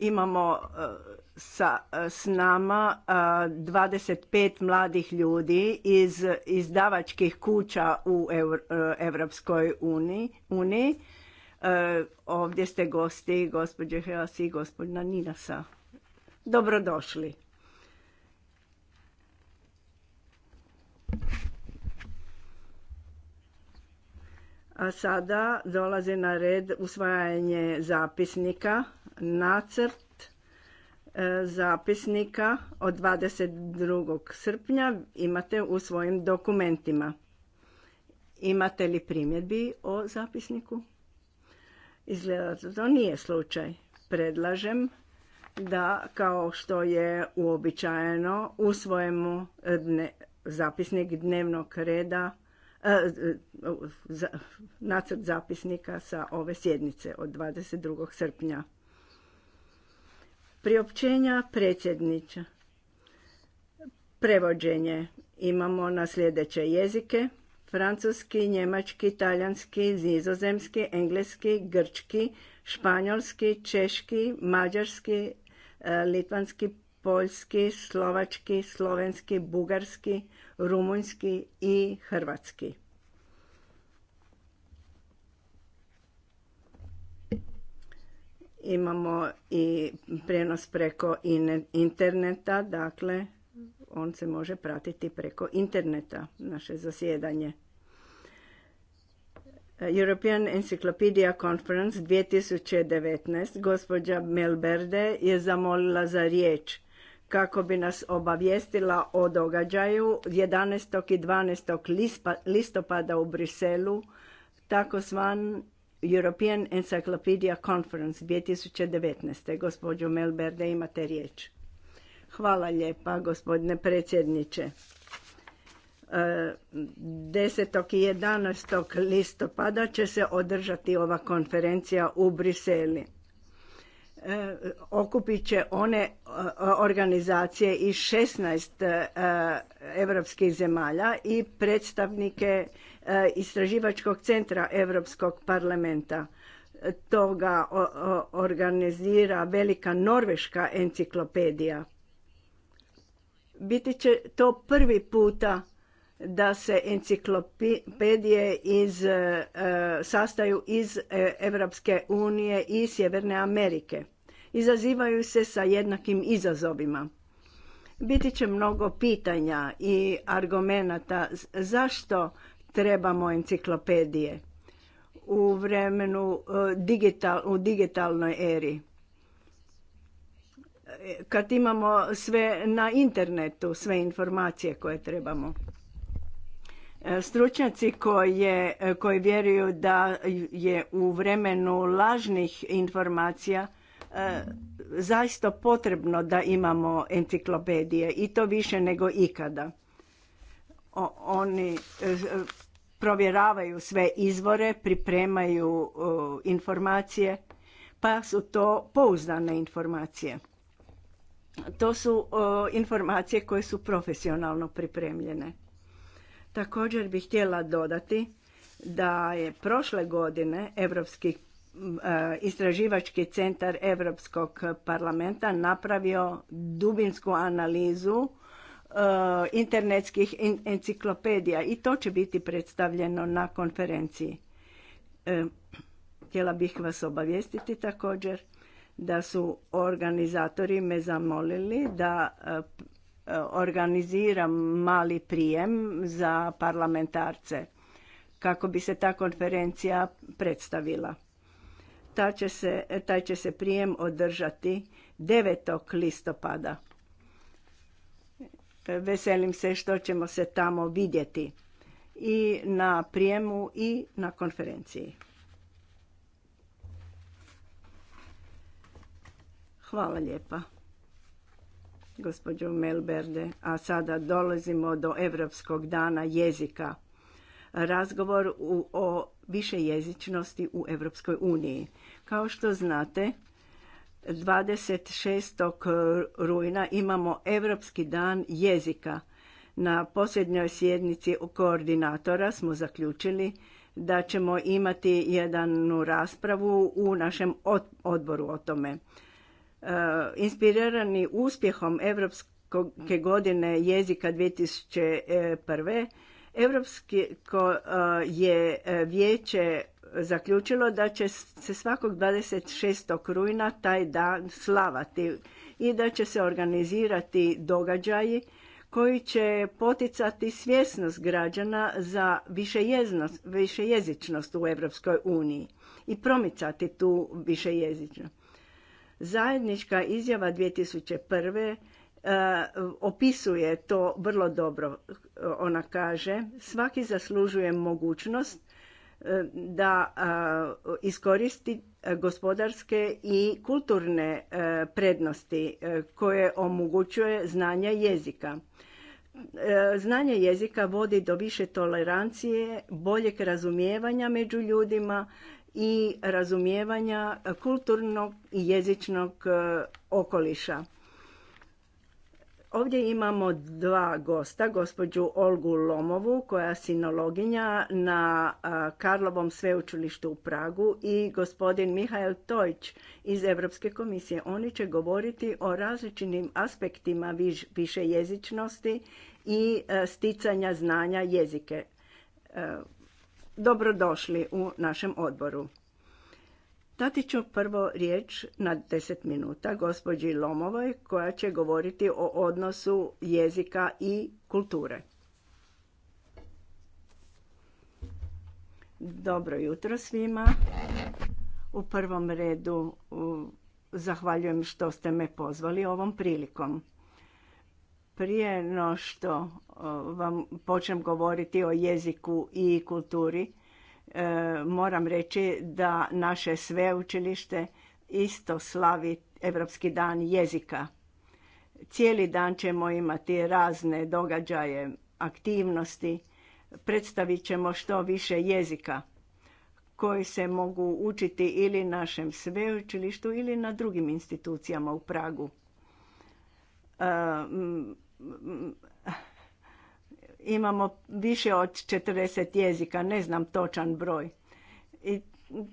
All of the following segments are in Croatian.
Imamo e, sa, e, s nama 25 e, mladih ljudi iz izdavačkih kuća u Europskoj uniji. Ovdje ste gosti, gospođe Heas i gospodina Ninasa. Dobrodošli. A sada dolazi na red usvajanje zapisnika, nacrt e, zapisnika od 22. srpnja imate u svojim dokumentima. Imate li primjedbi o zapisniku? Izgleda da to nije slučaj. Predlažem da, kao što je uobičajeno, usvojemo dne, zapisnik dnevnog reda E, e, nacrt zapisnika sa ove sjednice od 22. srpnja. Priopćenja predsjednića. Prevođenje imamo na sljedeće jezike. Francuski, njemački, talijanski, nizozemski, engleski, grčki, španjolski, češki, mađarski, e, litvanski, poljski, slovački, slovenski, bugarski, rumunjski i hrvatski. Imamo i prijenos preko interneta, dakle on se može pratiti preko interneta, naše zasjedanje. European Encyclopedia Conference 2019. Gospođa Melberde je zamolila za riječ kako bi nas obavijestila o događaju 11. i 12. listopada u Briselu, svan European Encyclopedia Conference 2019. Gospođo Melberde, imate riječ. Hvala lijepa, gospodine predsjedniče. 10. E, i 11. listopada će se održati ova konferencija u Briseli E, okupit će one e, organizacije iz 16 europskih zemalja i predstavnike e, Istraživačkog centra Europskog parlamenta. Toga organizira velika norveška enciklopedija. Biti će to prvi puta da se enciklopedije iz, e, sastaju iz Europske unije i Sjeverne Amerike. Izazivaju se sa jednakim izazovima. Biti će mnogo pitanja i argumenata zašto trebamo enciklopedije u vremenu e, u digitalnoj eri. E, kad imamo sve na internetu, sve informacije koje trebamo. E, stručnjaci e, koji, vjeruju da je u vremenu lažnih informacija e, zaista potrebno da imamo enciklopedije i to više nego ikada. oni provjeravaju sve izvore, pripremaju informacije, pa su to pouzdane informacije. To su informacije koje su profesionalno pripremljene. Također bih htjela dodati da je prošle godine Europski e, istraživački centar Europskog parlamenta napravio dubinsku analizu e, internetskih enciklopedija i to će biti predstavljeno na konferenciji. E, htjela bih vas obavijestiti također da su organizatori me zamolili da organiziram mali prijem za parlamentarce kako bi se ta konferencija predstavila. Ta će se, taj će se prijem održati 9. listopada. Veselim se što ćemo se tamo vidjeti i na prijemu i na konferenciji. Hvala lijepa gospođo Melberde. A sada dolazimo do Europskog dana jezika. Razgovor o višejezičnosti u Europskoj uniji. Kao što znate, 26. rujna imamo Europski dan jezika. Na posljednjoj sjednici koordinatora smo zaključili da ćemo imati jednu raspravu u našem odboru o tome. E, inspirirani uspjehom Evropske godine jezika 2001. Evropsko e, je e, vijeće zaključilo da će se svakog 26. rujna taj dan slavati i da će se organizirati događaji koji će poticati svjesnost građana za višejezičnost u Europskoj uniji i promicati tu višejezičnost. Zajednička izjava 2001. E, opisuje to vrlo dobro. Ona kaže svaki zaslužuje mogućnost e, da e, iskoristi gospodarske i kulturne prednosti koje omogućuje znanje jezika. Znanje jezika vodi do više tolerancije, boljeg razumijevanja među ljudima i razumijevanja kulturnog i jezičnog e, okoliša. Ovdje imamo dva gosta, gospođu Olgu Lomovu koja je sinologinja na e, Karlovom sveučilištu u Pragu i gospodin Mihael Tojč iz Europske komisije. Oni će govoriti o različitim aspektima višejezičnosti i e, sticanja znanja jezike dobrodošli u našem odboru. Dati ću prvo riječ na 10 minuta gospođi Lomovoj koja će govoriti o odnosu jezika i kulture. Dobro jutro svima. U prvom redu zahvaljujem što ste me pozvali ovom prilikom. Prije no što vam počnem govoriti o jeziku i kulturi, e, moram reći da naše sveučilište isto slavi Evropski dan jezika. Cijeli dan ćemo imati razne događaje, aktivnosti, predstavit ćemo što više jezika koji se mogu učiti ili našem sveučilištu ili na drugim institucijama u Pragu. E, imamo više od 40 jezika, ne znam točan broj. I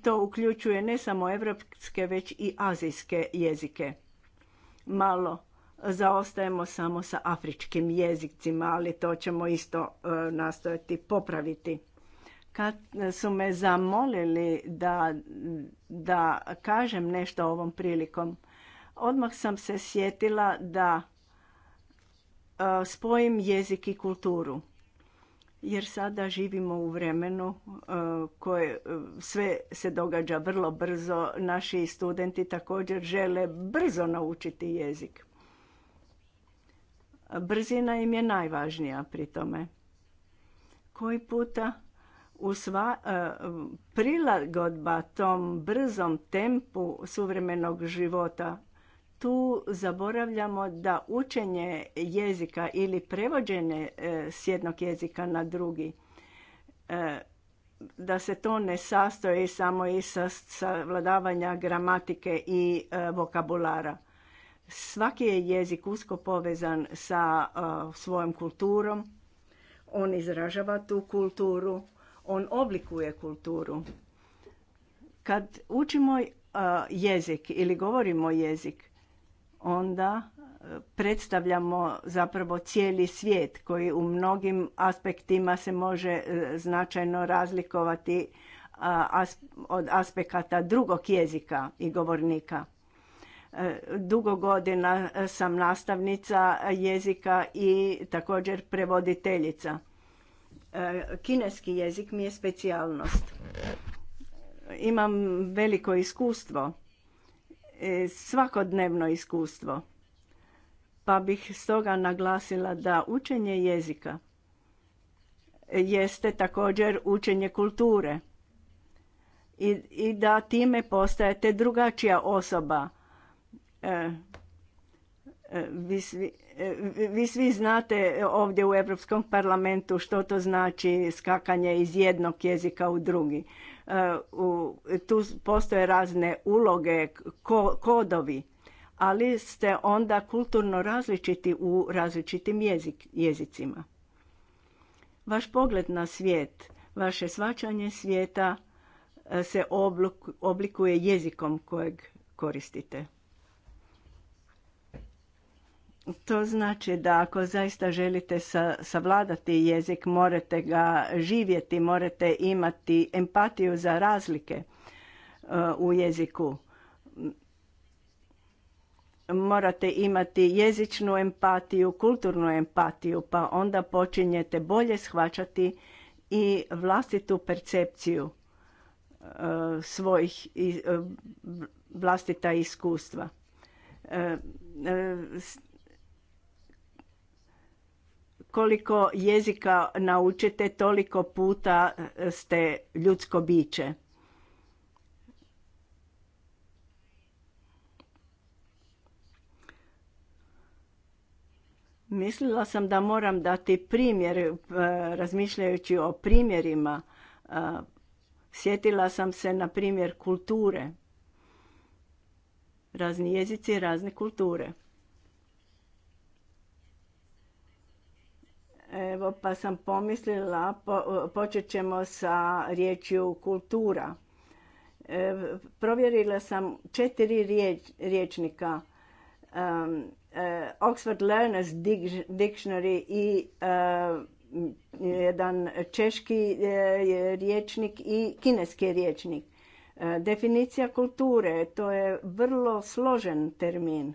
to uključuje ne samo evropske, već i azijske jezike. Malo zaostajemo samo sa afričkim jezicima, ali to ćemo isto e, nastojati popraviti. Kad su me zamolili da, da kažem nešto ovom prilikom, odmah sam se sjetila da spojim jezik i kulturu. Jer sada živimo u vremenu koje sve se događa vrlo brzo. Naši studenti također žele brzo naučiti jezik. Brzina im je najvažnija pri tome. Koji puta u sva, prilagodba tom brzom tempu suvremenog života tu zaboravljamo da učenje jezika ili prevođenje e, s jednog jezika na drugi e, da se to ne sastoji samo i sa savladavanja gramatike i e, vokabulara. Svaki je jezik usko povezan sa svojom kulturom, on izražava tu kulturu, on oblikuje kulturu. Kad učimo jezik ili govorimo jezik, onda e, predstavljamo zapravo cijeli svijet koji u mnogim aspektima se može e, značajno razlikovati e, od aspekata drugog jezika i govornika. Dugo godina sam nastavnica jezika i također prevoditeljica. Kineski jezik mi je specijalnost. Imam veliko iskustvo E, svakodnevno iskustvo. Pa bih stoga naglasila da učenje jezika jeste također učenje kulture i, i da time postajete drugačija osoba. E, e vi svi, e, vi svi znate ovdje u Europskom parlamentu što to znači skakanje iz jednog jezika u drugi. Tu postoje razne uloge, kodovi, ali ste onda kulturno različiti u različitim jezik, jezicima. Vaš pogled na svijet, vaše svačanje svijeta e, se oblikuje jezikom kojeg koristite. To znači da ako zaista želite sa, savladati jezik, morate ga živjeti, morate imati empatiju za razlike uh, u jeziku. Morate imati jezičnu empatiju, kulturnu empatiju, pa onda počinjete bolje shvaćati i vlastitu percepciju uh, svojih uh, vlastita iskustva koliko jezika naučite, toliko puta e, ste ljudsko biće. Mislila sam da moram dati primjer, e, razmišljajući o primjerima. E, sjetila sam se na primjer kulture. Razni jezici, razne kulture. Evo pa sam pomislila, počet ćemo sa riječju kultura. E, provjerila sam četiri rječnika, riječnika. E, Oxford Learners Dictionary i jedan češki e, riječnik i kineski riječnik. Definicija kulture, to je vrlo složen termin.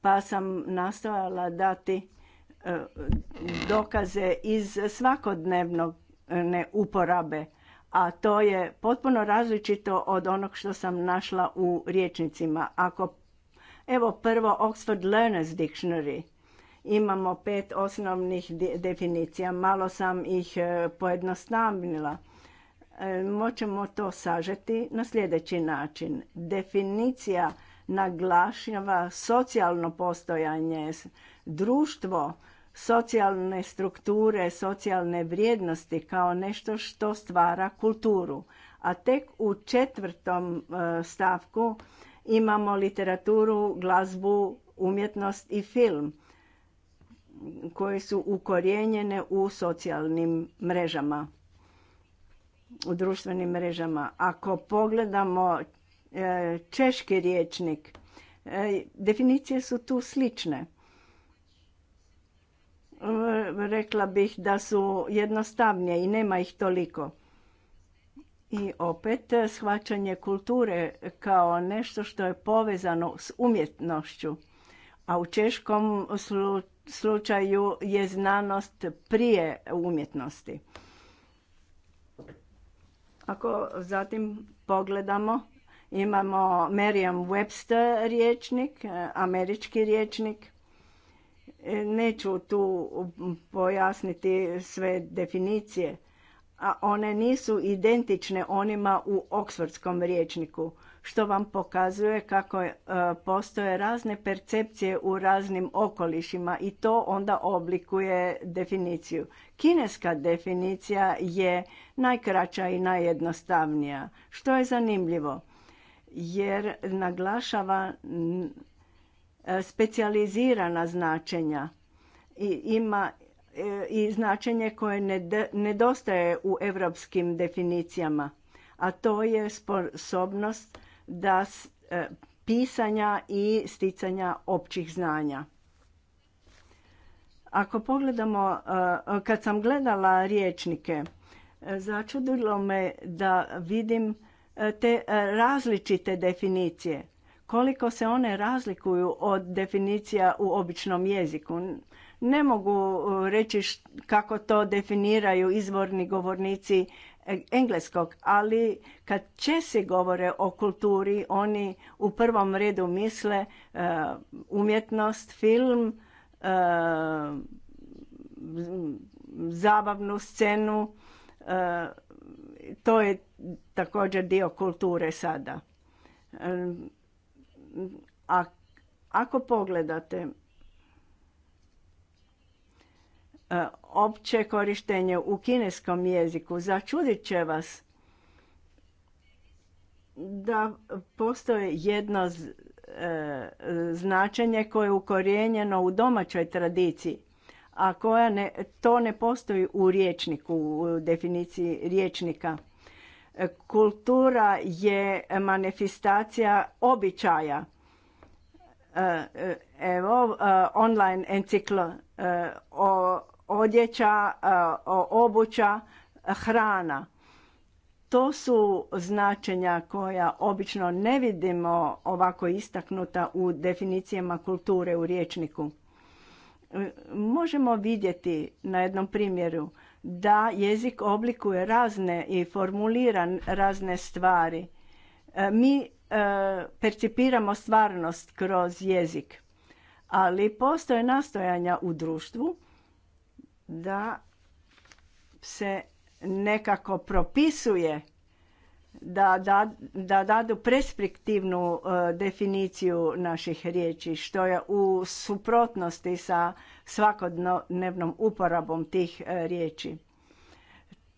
Pa sam nastojala dati E, dokaze iz svakodnevnog e, uporabe, a to je potpuno različito od onog što sam našla u riječnicima. Ako, evo prvo Oxford Learners Dictionary, imamo pet osnovnih definicija, malo sam ih e, pojednostavnila. Moćemo to sažeti na sljedeći način. Definicija naglašava socijalno postojanje, društvo socijalne strukture, socijalne vrijednosti kao nešto što stvara kulturu. A tek u četvrtom e, stavku imamo literaturu, glazbu, umjetnost i film koje su ukorijenjene u socijalnim mrežama, u društvenim mrežama. Ako pogledamo e, češki riječnik, e, definicije su tu slične rekla bih da su jednostavnije i nema ih toliko. I opet shvaćanje kulture kao nešto što je povezano s umjetnošću. A u češkom slučaju je znanost prije umjetnosti. Ako zatim pogledamo, imamo Merriam Webster riječnik, američki riječnik. Neću tu pojasniti sve definicije, a one nisu identične onima u oksfordskom riječniku, što vam pokazuje kako e, postoje razne percepcije u raznim okolišima i to onda oblikuje definiciju. Kineska definicija je najkraća i najjednostavnija, što je zanimljivo jer naglašava E, specijalizirana značenja i ima e, i značenje koje nedostaje u europskim definicijama, a to je sposobnost da e, pisanja i sticanja općih znanja. Ako pogledamo, kad sam gledala riječnike, začudilo me da vidim te različite definicije koliko se one razlikuju od definicija u običnom jeziku. Ne mogu e, reći kako to definiraju izvorni govornici e, engleskog, ali kad Česi govore o kulturi, oni u prvom redu misle e, umjetnost, film, zabavnu scenu, to je također dio kulture sada a ako pogledate e, opće korištenje u kineskom jeziku, začudit će vas da postoji jedno e, značenje koje je ukorijenjeno u domaćoj tradiciji, a koja ne, to ne postoji u riječniku, u definiciji riječnika. Kultura je manifestacija običaja. E, e, evo, e, online enciklo o odjeća, o obuća, hrana. To su značenja koja obično ne vidimo ovako istaknuta u definicijama kulture u riječniku. Možemo vidjeti na jednom primjeru da jezik oblikuje razne i formulira razne stvari. E, mi e, percipiramo stvarnost kroz jezik, ali postoje nastojanja u društvu da se nekako propisuje da, da, da dadu perspektivnu e, definiciju naših riječi, što je u suprotnosti sa svakodnevnom uporabom tih e, riječi.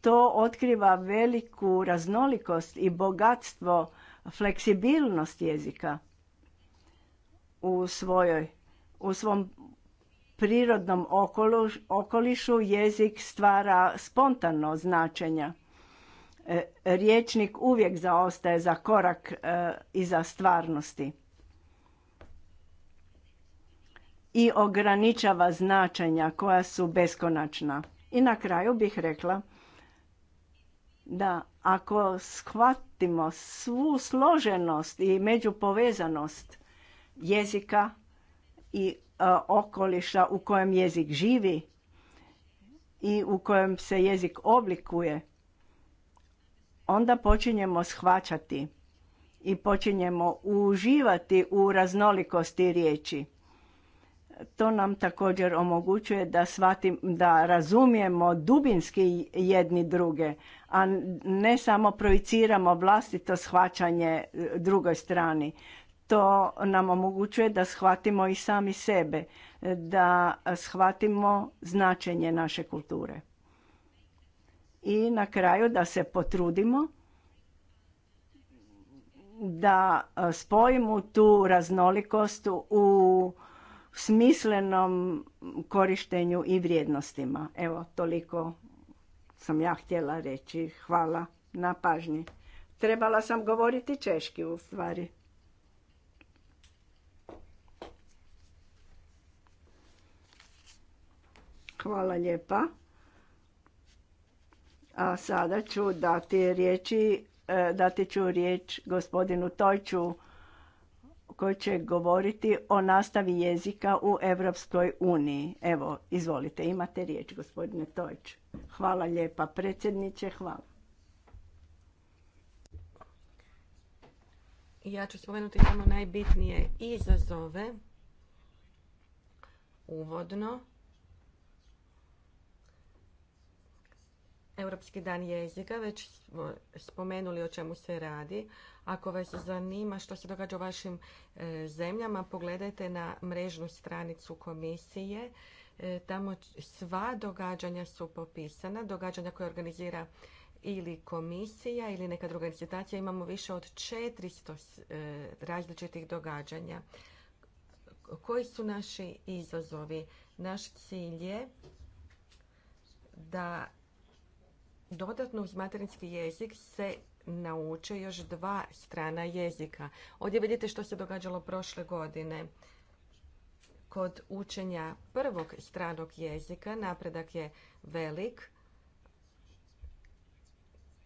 To otkriva veliku raznolikost i bogatstvo, fleksibilnost jezika u svojoj, u svom prirodnom okolišu jezik stvara spontano značenja E, Riječnik uvijek zaostaje za korak e, iza stvarnosti i ograničava značenja koja su beskonačna. I na kraju bih rekla da ako shvatimo svu složenost i međupovezanost jezika i e, okoliša u kojem jezik živi i u kojem se jezik oblikuje onda počinjemo shvaćati i počinjemo uživati u raznolikosti riječi. To nam također omogućuje da shvatim, da razumijemo dubinski jedni druge, a ne samo projiciramo vlastito shvaćanje e, drugoj strani. To nam omogućuje da shvatimo i sami sebe, e, da shvatimo značenje naše kulture i na kraju da se potrudimo da e, spojimo tu raznolikost u smislenom korištenju i vrijednostima. Evo, toliko sam ja htjela reći. Hvala na pažnji. Trebala sam govoriti češki u stvari. Hvala lijepa. A sada ću dati riječi, e, dati ću riječ gospodinu Tojču koji će govoriti o nastavi jezika u Europskoj uniji. Evo, izvolite, imate riječ gospodine Tojč. Hvala lijepa predsjedniče, hvala. Ja ću spomenuti samo najbitnije izazove uvodno Europski dan jezika, već smo spomenuli o čemu se radi. Ako vas zanima što se događa u vašim e, zemljama, pogledajte na mrežnu stranicu komisije. E, tamo sva događanja su popisana, događanja koje organizira ili komisija ili neka druga institucija. Imamo više od 400 e, različitih događanja. Koji su naši izazovi? Naš cilj je da dodatno uz materinski jezik se nauče još dva strana jezika. Ovdje vidite što se događalo prošle godine. Kod učenja prvog stranog jezika napredak je velik.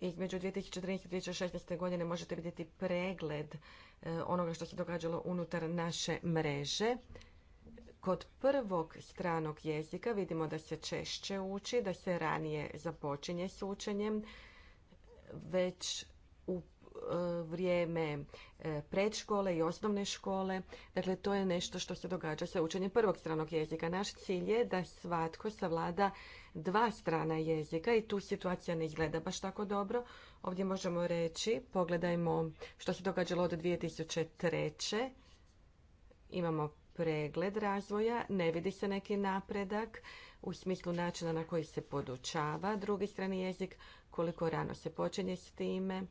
I među 2014. i 2016. godine možete vidjeti pregled e, onoga što se događalo unutar naše mreže. Kod prvog stranog jezika vidimo da se češće uči, da se ranije započinje s učenjem, već u e, vrijeme e, predškole i osnovne škole. Dakle, to je nešto što se događa sa učenjem prvog stranog jezika. Naš cilj je da svatko savlada dva strana jezika i tu situacija ne izgleda baš tako dobro. Ovdje možemo reći, pogledajmo što se događalo od 2003. Imamo pregled razvoja, ne vidi se neki napredak u smislu načina na koji se podučava drugi strani jezik, koliko rano se počinje s time.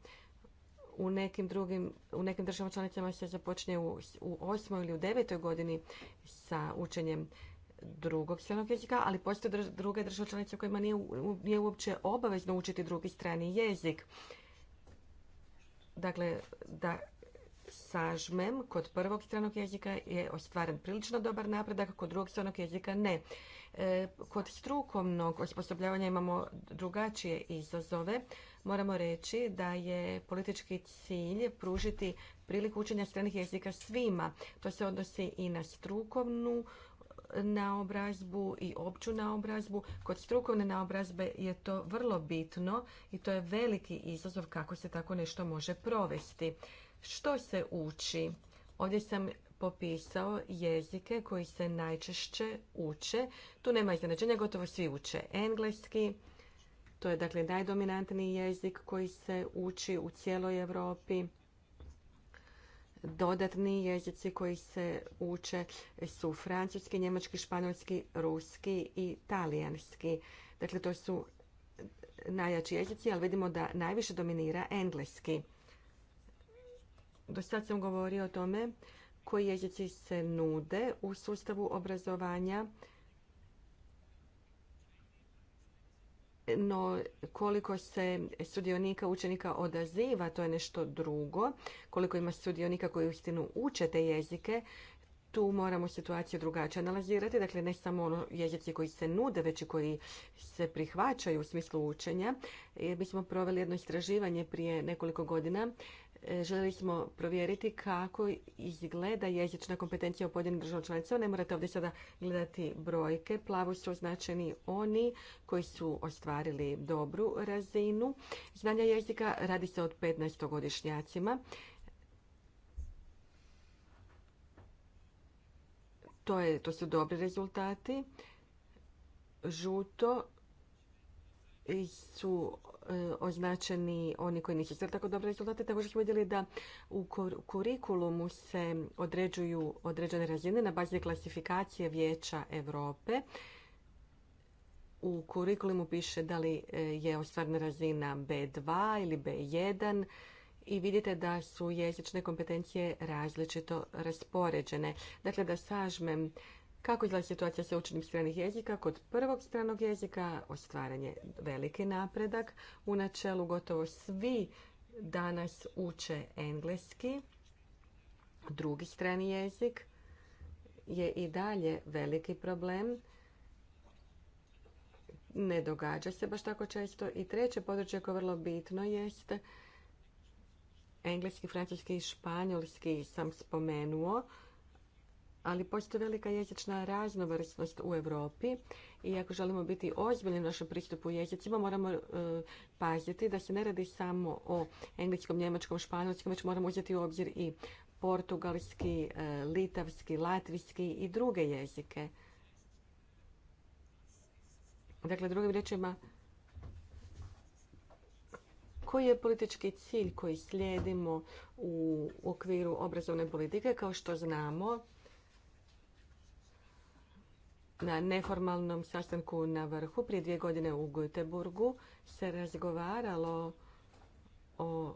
U nekim, drugim, u nekim državama članicama se započne u, u osmoj ili u devetoj godini sa učenjem drugog stranog jezika, ali postoje druge države članice kojima nije, nije uopće obavezno učiti drugi strani jezik. Dakle, da sažmem, kod prvog stranog jezika je ostvaren prilično dobar napredak, kod drugog stranog jezika ne. E, kod strukovnog osposobljavanja imamo drugačije izazove. Moramo reći da je politički cilj pružiti priliku učenja stranih jezika svima. To se odnosi i na strukovnu e, naobrazbu i opću naobrazbu. Kod strukovne naobrazbe je to vrlo bitno i to je veliki izazov kako se tako nešto može provesti. Što se uči? Ovdje sam popisao jezike koji se najčešće uče. Tu nema iznenađenja, gotovo svi uče engleski. To je dakle najdominantniji jezik koji se uči u cijeloj Europi. Dodatni jezici koji se uče su francuski, njemački, španjolski, ruski i talijanski. Dakle, to su najjači jezici, ali vidimo da najviše dominira engleski. Do sad sam govorio o tome koji jezici se nude u sustavu obrazovanja, no koliko se sudionika, učenika odaziva, to je nešto drugo. Koliko ima sudionika koji istinu uče te jezike, tu moramo situaciju drugačije analizirati. Dakle, ne samo ono jezici koji se nude, već i koji se prihvaćaju u smislu učenja. Mi smo proveli jedno istraživanje prije nekoliko godina E, Željeli smo provjeriti kako izgleda jezična kompetencija u pojedinim državama članicama. Ne morate ovdje sada gledati brojke. Plavo su označeni oni koji su ostvarili dobru razinu znanja jezika. Radi se od 15-godišnjacima. To, je, to su dobri rezultati. Žuto su e, označeni oni koji nisu sve tako dobre rezultate. Također smo vidjeli da u kurikulumu se određuju određene razine na bazi klasifikacije Vijeća Europe. U kurikulumu piše da li e, je ostvarna razina B2 ili B1 i vidite da su jezične kompetencije različito raspoređene. Dakle, da sažmem, kako izgleda situacija sa učenim stranih jezika? Kod prvog stranog jezika ostvaren je veliki napredak. U načelu gotovo svi danas uče engleski. Drugi strani jezik je i dalje veliki problem. Ne događa se baš tako često. I treće područje koje je vrlo bitno jeste engleski, francuski i španjolski sam spomenuo ali postoji velika jezična raznovrsnost u Europi i ako želimo biti ozbiljni u našem pristupu jezicima, moramo e, paziti da se ne radi samo o engleskom, njemačkom, španjolskom, već moramo uzeti u obzir i portugalski, e, litavski, latvijski i druge jezike. Dakle, drugim riječima, koji je politički cilj koji slijedimo u okviru obrazovne politike? Kao što znamo, na neformalnom sastanku na vrhu prije dvije godine u Göteborgu se razgovaralo o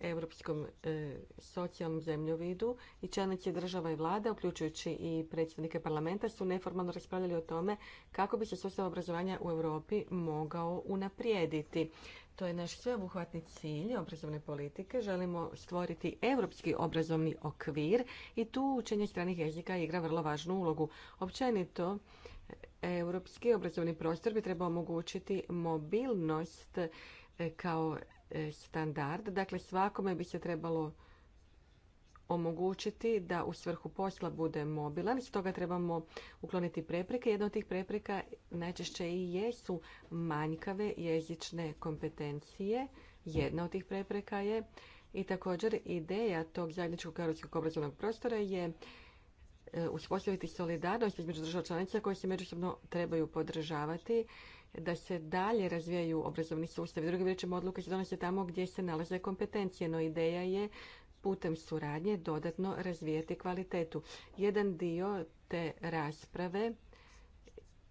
europskom e, socijalnom zemljovidu i čelnici država i vlada, uključujući i predsjednike parlamenta, su neformalno raspravljali o tome kako bi se sustav obrazovanja u Europi mogao unaprijediti. To je naš sveobuhvatni cilj obrazovne politike. Želimo stvoriti europski obrazovni okvir i tu učenje stranih jezika igra vrlo važnu ulogu. Općenito, europski obrazovni prostor bi trebao omogućiti mobilnost eh, kao eh, standard. Dakle, svakome bi se trebalo omogućiti da u svrhu posla bude mobilan, stoga trebamo ukloniti prepreke. Jedna od tih prepreka najčešće i jesu manjkave jezične kompetencije. Jedna od tih prepreka je i također ideja tog zajedničkog europskog obrazovnog prostora je e, uspostaviti solidarnost između država članica koje se međusobno trebaju podržavati da se dalje razvijaju obrazovni sustavi. Drugim riječima odluke se donose tamo gdje se nalaze kompetencije, no ideja je putem suradnje dodatno razvijati kvalitetu. Jedan dio te rasprave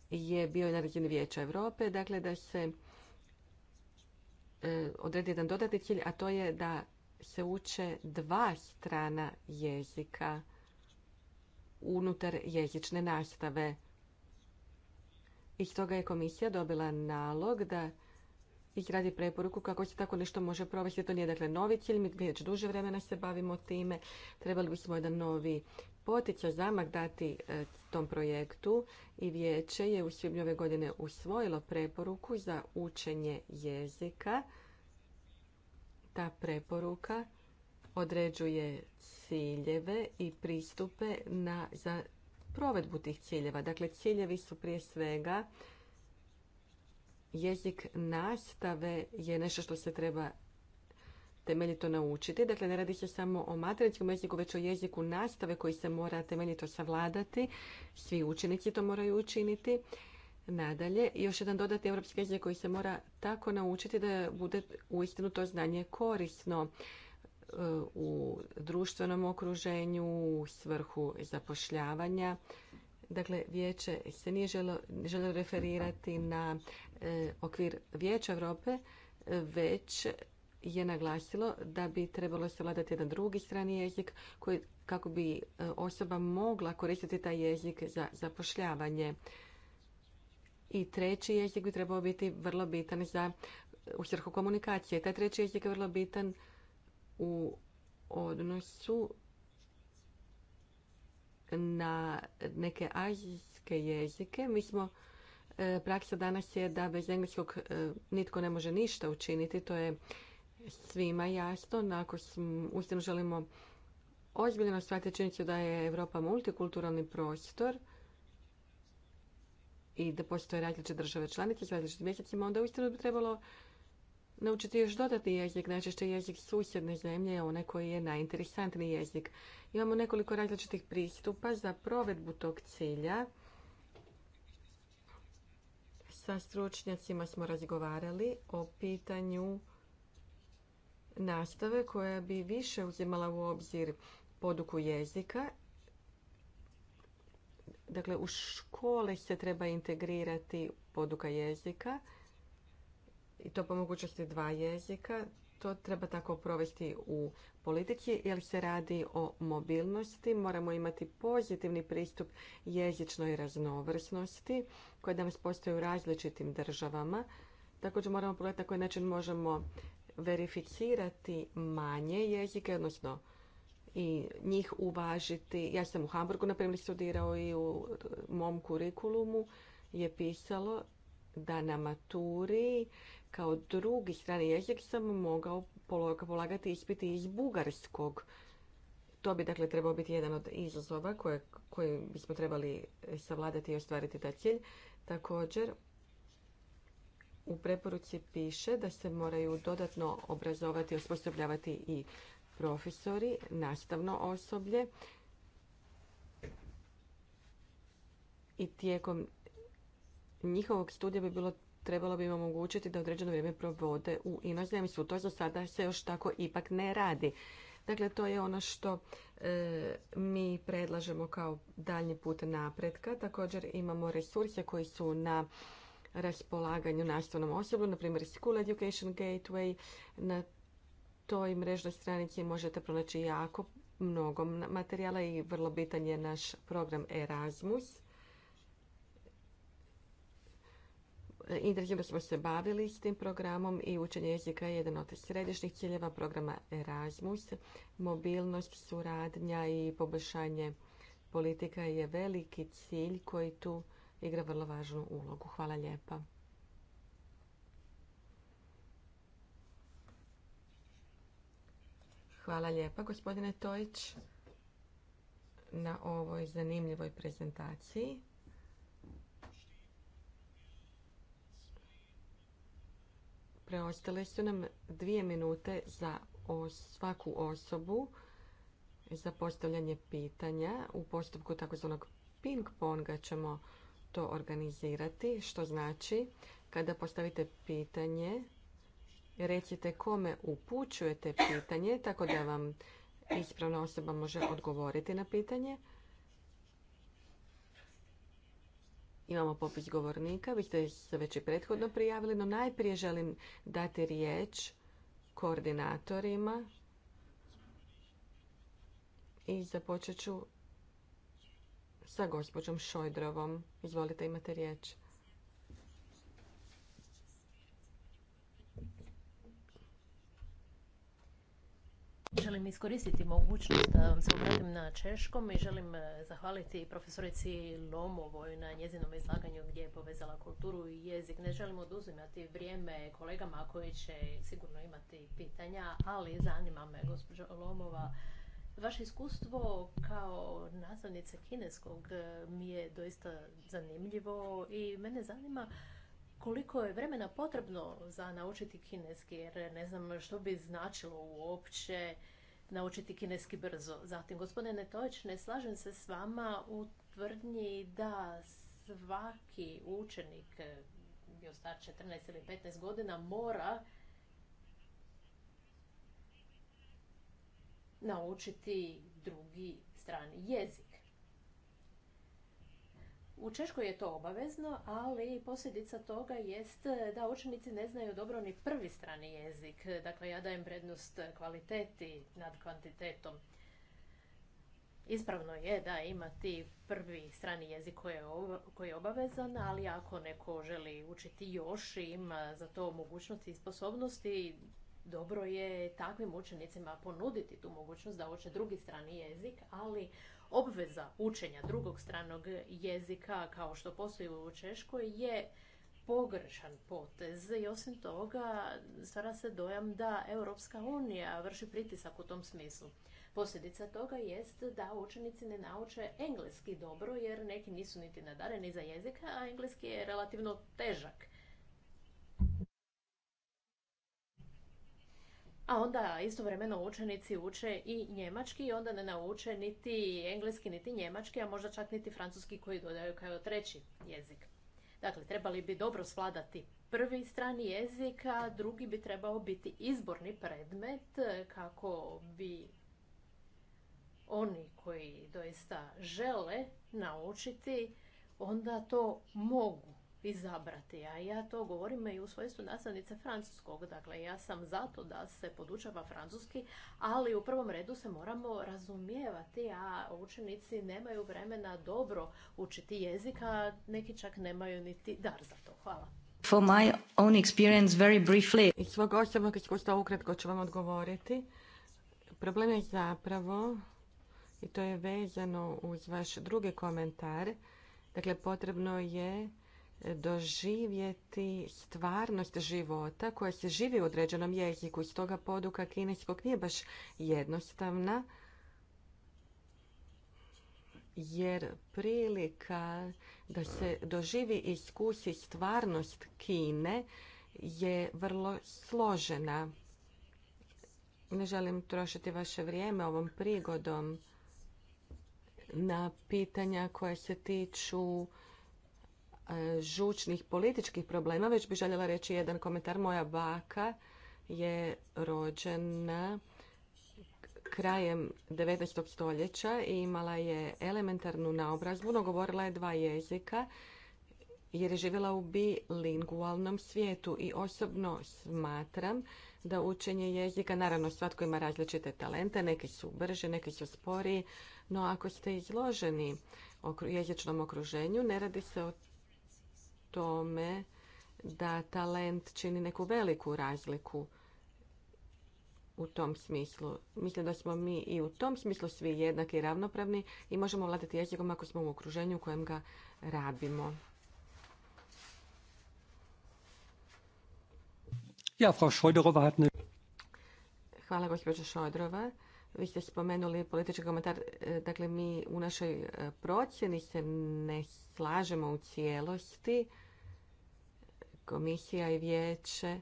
je bio na razini Vijeća Europe, dakle da se e, odredi jedan dodatni cilj, a to je da se uče dva strana jezika unutar jezične nastave. I toga je komisija dobila nalog da radi preporuku kako se tako nešto može provesti. To nije dakle novi cilj, mi već duže vremena se bavimo time. Trebali bismo jedan novi potičaj zamak dati e, tom projektu i vijeće je u svibnju ove godine usvojilo preporuku za učenje jezika. Ta preporuka određuje ciljeve i pristupe za provedbu tih ciljeva. Dakle, ciljevi su prije svega jezik nastave je nešto što se treba temeljito naučiti. Dakle, ne radi se samo o materinskom jeziku, već o jeziku nastave koji se mora temeljito savladati. Svi učenici to moraju učiniti. Nadalje, još jedan dodatni europski jezik koji se mora tako naučiti da bude uistinu to znanje korisno e, u društvenom okruženju, u svrhu zapošljavanja Dakle, vijeće se nije želo referirati na e, okvir Vijeća Europe, već je naglasilo da bi trebalo se savladati jedan drugi strani jezik koji, kako bi e, osoba mogla koristiti taj jezik za zapošljavanje. I treći jezik bi trebao biti vrlo bitan za u svrhu komunikacije. Taj treći jezik je vrlo bitan u odnosu na neke azijske jezike. Mi smo e, praksa danas je da bez engleskog e, nitko ne može ništa učiniti, to je svima jasno. ako uistinu želimo ozbiljno shvatiti činjenicu da je Europa multikulturalni prostor i da postoje različite države članice s različitim mjesecima, onda uistinu bi trebalo naučiti još dodatni jezik, najčešće jezik susjedne zemlje je onaj koji je najinteresantniji jezik. Imamo nekoliko različitih pristupa za provedbu tog cilja. Sa stručnjacima smo razgovarali o pitanju nastave koja bi više uzimala u obzir poduku jezika. Dakle, u škole se treba integrirati poduka jezika i to po mogućnosti dva jezika. To treba tako provesti u politici jer se radi o mobilnosti. Moramo imati pozitivni pristup jezičnoj raznovrsnosti koja nam postoji u različitim državama. Također moramo pogledati na koji način možemo verificirati manje jezike, odnosno i njih uvažiti. Ja sam u Hamburgu, na primjer, studirao i u mom kurikulumu je pisalo da na maturi kao drugi strani jezik sam mogao polagati ispiti iz bugarskog. To bi dakle trebao biti jedan od izazova koje, koje bismo trebali savladati i ostvariti taj cilj. Također, u preporuci piše da se moraju dodatno obrazovati, osposobljavati i profesori, nastavno osoblje. I tijekom njihovog studija bi bilo trebalo bi im omogućiti da određeno vrijeme provode u inozemstvu. To za sada se još tako ipak ne radi. Dakle, to je ono što e, mi predlažemo kao daljnji put napretka. Također imamo resurse koji su na raspolaganju nastavnom osoblju, na primjer School Education Gateway. Na toj mrežnoj stranici možete pronaći jako mnogo materijala i vrlo bitan je naš program Erasmus. Intenzivno smo se bavili s tim programom i učenje jezika je jedan od središnjih ciljeva programa Erasmus. Mobilnost, suradnja i poboljšanje politika je veliki cilj koji tu igra vrlo važnu ulogu. Hvala lijepa. Hvala lijepa gospodine Tojić na ovoj zanimljivoj prezentaciji. Preostale su nam dvije minute za svaku osobu za postavljanje pitanja. U postupku takozvanog ping-ponga ćemo to organizirati, što znači kada postavite pitanje, recite kome upućujete pitanje, tako da vam ispravna osoba može odgovoriti na pitanje. Imamo popis govornika, vi ste se već i prethodno prijavili, no najprije želim dati riječ koordinatorima i započet ću sa gospođom Šojdrovom. Izvolite, imate riječ. Želim iskoristiti mogućnost da vam se obratim na češkom i želim e, zahvaliti profesorici Lomovoj na njezinom izlaganju gdje je povezala kulturu i jezik. Ne želim oduzimati vrijeme kolegama koji će sigurno imati pitanja, ali zanima me, gospođa Lomova, Vaše iskustvo kao nastavnice kineskog e, mi je doista zanimljivo i mene zanima koliko je vremena potrebno za naučiti kineski, jer ne znam što bi značilo uopće naučiti kineski brzo. Zatim, gospodine tović ne slažem se s vama u tvrdnji da svaki učenik, bio star 14 ili 15 godina, mora naučiti drugi strani jezik. U Češkoj je to obavezno, ali posljedica toga jest da učenici ne znaju dobro ni prvi strani jezik. Dakle, ja dajem prednost kvaliteti nad kvantitetom. Ispravno je da imati prvi strani jezik koji je obavezan, ali ako neko želi učiti još ima za to mogućnosti i sposobnosti, dobro je takvim učenicima ponuditi tu mogućnost da uče drugi strani jezik, ali obveza učenja drugog stranog jezika kao što postoji u Češkoj je pogrešan potez i osim toga stvara se dojam da Europska unija vrši pritisak u tom smislu. Posljedica toga jest da učenici ne nauče engleski dobro jer neki nisu niti nadareni za jezika, a engleski je relativno težak. a onda istovremeno učenici uče i njemački i onda ne nauče niti engleski niti njemački, a možda čak niti francuski koji dodaju kao treći jezik. Dakle, trebali bi dobro svladati prvi strani jezik, a drugi bi trebao biti izborni predmet e, kako bi oni koji doista žele naučiti onda to mogu izabrati. A ja to govorim i u svojstvu nastavnice francuskog. Dakle, ja sam zato da se podučava francuski, ali u prvom redu se moramo razumijevati, a učenici nemaju vremena dobro učiti jezika, neki čak nemaju niti dar za to. Hvala. For my own experience, very briefly. Iz svog osobnog iskustva ukratko ću vam odgovoriti. Problem je zapravo, i to je vezano uz vaš drugi komentar, dakle potrebno je doživjeti stvarnost života koja se živi u određenom jeziku. Stoga poduka kineskog nije baš jednostavna jer prilika da se doživi i iskusi stvarnost Kine je vrlo složena. Ne želim trošiti vaše vrijeme ovom prigodom na pitanja koja se tiču E, žučnih političkih problema, već bi željela reći jedan komentar. Moja baka je rođena krajem 19. stoljeća i imala je elementarnu naobrazbu, no govorila je dva jezika jer je živjela u bilingualnom svijetu i osobno smatram da učenje jezika, naravno svatko ima različite talente, neki su brže, neki su sporiji, no ako ste izloženi jezičnom okruženju, ne radi se o tome da talent čini neku veliku razliku u tom smislu. Mislim da smo mi i u tom smislu svi jednaki i ravnopravni i možemo vladati jezikom ako smo u okruženju u kojem ga rabimo. Ja, Frau Hvala gospođa Šodrova. Vi ste spomenuli politički komentar, e, dakle mi u našoj e, procjeni se ne slažemo u cijelosti, komisija i vijeće.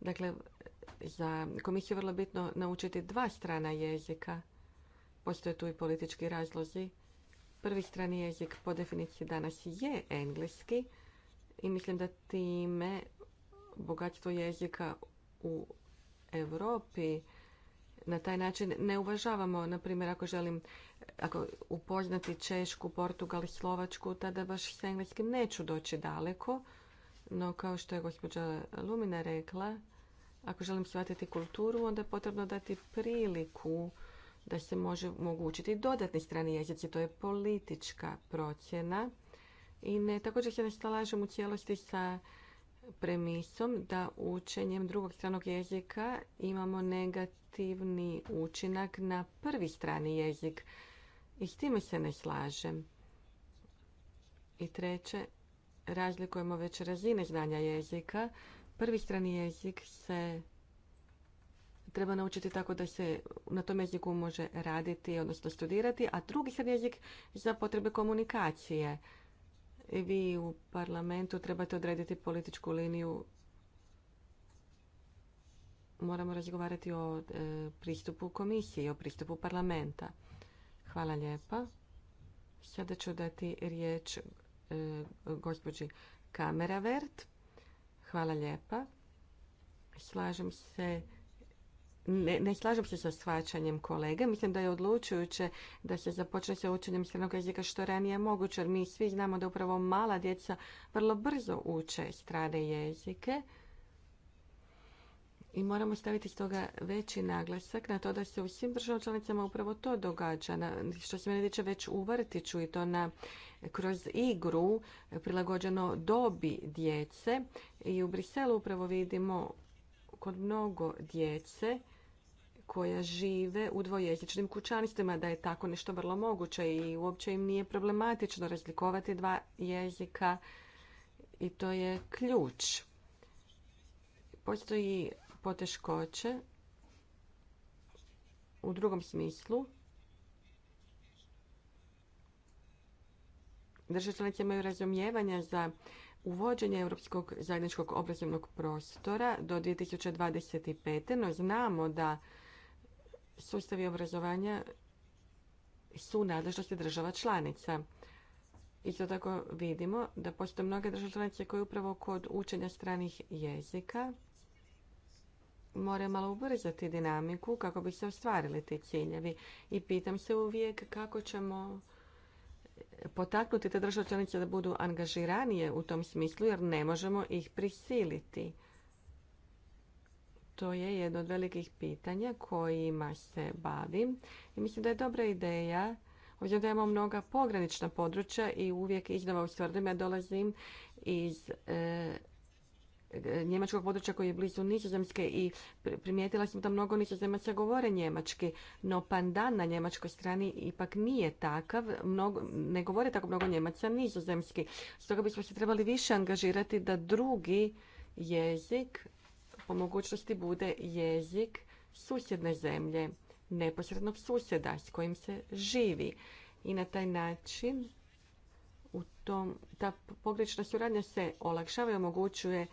Dakle, za komisiju je vrlo bitno naučiti dva strana jezika. Postoje tu i politički razlozi. Prvi strani jezik po definiciji danas je engleski i mislim da time bogatstvo jezika u Europi na taj način ne uvažavamo, na primjer, ako želim ako upoznati Češku, Portugal, Slovačku, tada baš s engleskim neću doći daleko. No, kao što je gospođa Lumina rekla, ako želim shvatiti kulturu, onda je potrebno dati priliku da se može, mogu dodatni strani jezici. To je politička procjena. I ne, također se ne u cijelosti sa premisom da učenjem drugog stranog jezika imamo negativ aktivni učinak na prvi strani jezik. I s time se ne slažem. I treće, razlikujemo već razine znanja jezika. Prvi strani jezik se treba naučiti tako da se na tom jeziku može raditi, odnosno studirati, a drugi strani jezik za potrebe komunikacije. Vi u parlamentu trebate odrediti političku liniju moramo razgovarati o e, pristupu komisije i o pristupu parlamenta. Hvala lijepa. Sada ću dati riječ e, gospođi Kameravert. Hvala lijepa. Slažem se ne, slažem se sa shvaćanjem kolege. Mislim da je odlučujuće da se započne sa učenjem stranog jezika što ranije moguće, jer mi svi znamo da upravo mala djeca vrlo brzo uče strane jezike. I moramo staviti stoga veći naglasak na to da se u svim državama članicama upravo to događa. što se mene tiče već u vrtiću i to na, kroz igru prilagođeno dobi djece. I u Briselu upravo vidimo kod mnogo djece koja žive u dvojezičnim kućanstvima da je tako nešto vrlo moguće i uopće im nije problematično razlikovati dva jezika i to je ključ. Postoji poteškoće u drugom smislu. Države članice imaju razumijevanja za uvođenje europskog zajedničkog obrazovnog prostora do 2025. No znamo da sustavi obrazovanja su nadležnosti država članica. Isto tako vidimo da postoje mnoge države članice koje upravo kod učenja stranih jezika mora malo ubrzati dinamiku kako bi se ostvarili ti ciljevi. I pitam se uvijek kako ćemo potaknuti te države članice da budu angažiranije u tom smislu jer ne možemo ih prisiliti. To je jedno od velikih pitanja kojima se bavim i mislim da je dobra ideja Ovdje da imamo mnoga pogranična područja i uvijek iznova u ja dolazim iz e, njemačkog područja koji je blizu nizozemske i primijetila sam da mnogo nizozemaca govore njemački, no pandan na njemačkoj strani ipak nije takav, mnogo, ne govore tako mnogo njemaca nizozemski. Stoga bismo se trebali više angažirati da drugi jezik po mogućnosti bude jezik susjedne zemlje, neposrednog susjeda s kojim se živi. I na taj način u tom, ta pogrešna suradnja se olakšava i omogućuje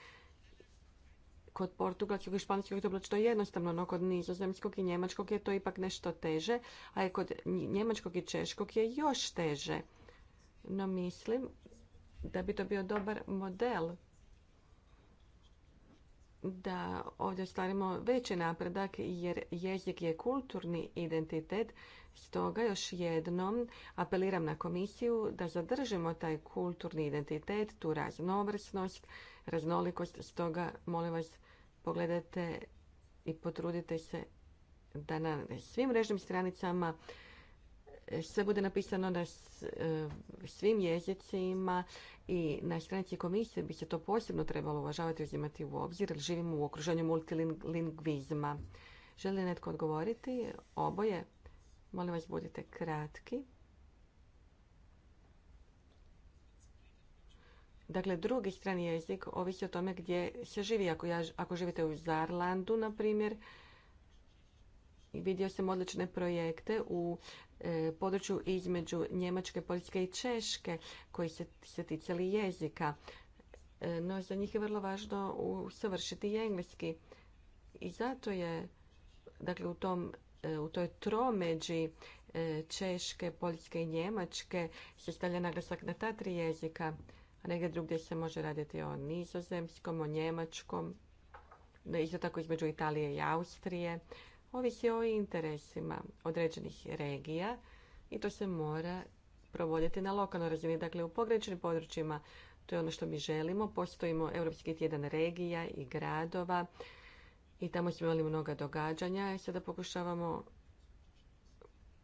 kod portugalskog i španskog to bilo jednostavno, no kod nizozemskog i njemačkog je to ipak nešto teže, a je kod njemačkog i češkog je još teže. No mislim da bi to bio dobar model da ovdje stvarimo veći napredak jer jezik je kulturni identitet. Stoga još jednom apeliram na komisiju da zadržimo taj kulturni identitet, tu raznovrsnost, raznolikost. Stoga molim vas pogledajte i potrudite se da na svim mrežnim stranicama e, sve bude napisano na e, svim jezicima i na stranici komisije bi se to posebno trebalo uvažavati i uzimati u obzir jer živimo u okruženju multilingvizma. Želi netko odgovoriti? Oboje. Molim vas budite kratki. Dakle, drugi strani jezik ovisi o tome gdje se živi. Ako, ja, ako živite u Zarlandu, na primjer, vidio sam odlične projekte u e, području između Njemačke, Poljske i Češke koji se, se ticali jezika. E, no, za njih je vrlo važno usavršiti engleski. I zato je, dakle, u, tom, e, u toj tromeđi e, Češke, Poljske i Njemačke se stavlja naglasak na ta tri jezika negdje drugdje se može raditi o nizozemskom, o njemačkom, isto tako između Italije i Austrije. Ovisi o interesima određenih regija i to se mora provoditi na lokalnoj razini. Dakle, u pograničnim područjima to je ono što mi želimo. Postojimo Europski tjedan regija i gradova i tamo smo imali mnoga događanja sada pokušavamo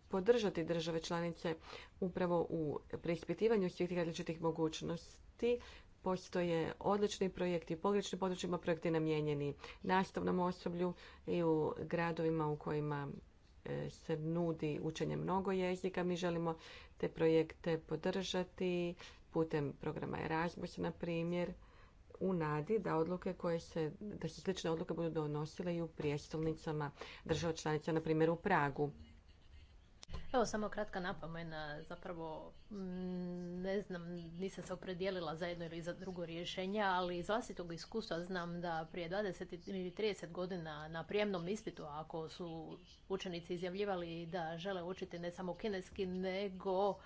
podržati države članice upravo u preispitivanju svih tih različitih mogućnosti projekti postoje odlični projekti u pogrešnim područjima, projekti namijenjeni nastavnom osoblju i u gradovima u kojima e, se nudi učenje mnogo jezika. Mi želimo te projekte podržati putem programa Erasmus, na primjer, u nadi da odluke koje se, da se slične odluke budu donosile i u prijestolnicama država članica, na primjer u Pragu. Evo samo kratka napomena, zapravo mm, ne znam, nisam se opredijelila za jedno ili za drugo rješenje, ali iz vlastitog iskustva znam da prije 20 ili 30 godina na prijemnom ispitu, ako su učenici izjavljivali da žele učiti ne samo kineski, nego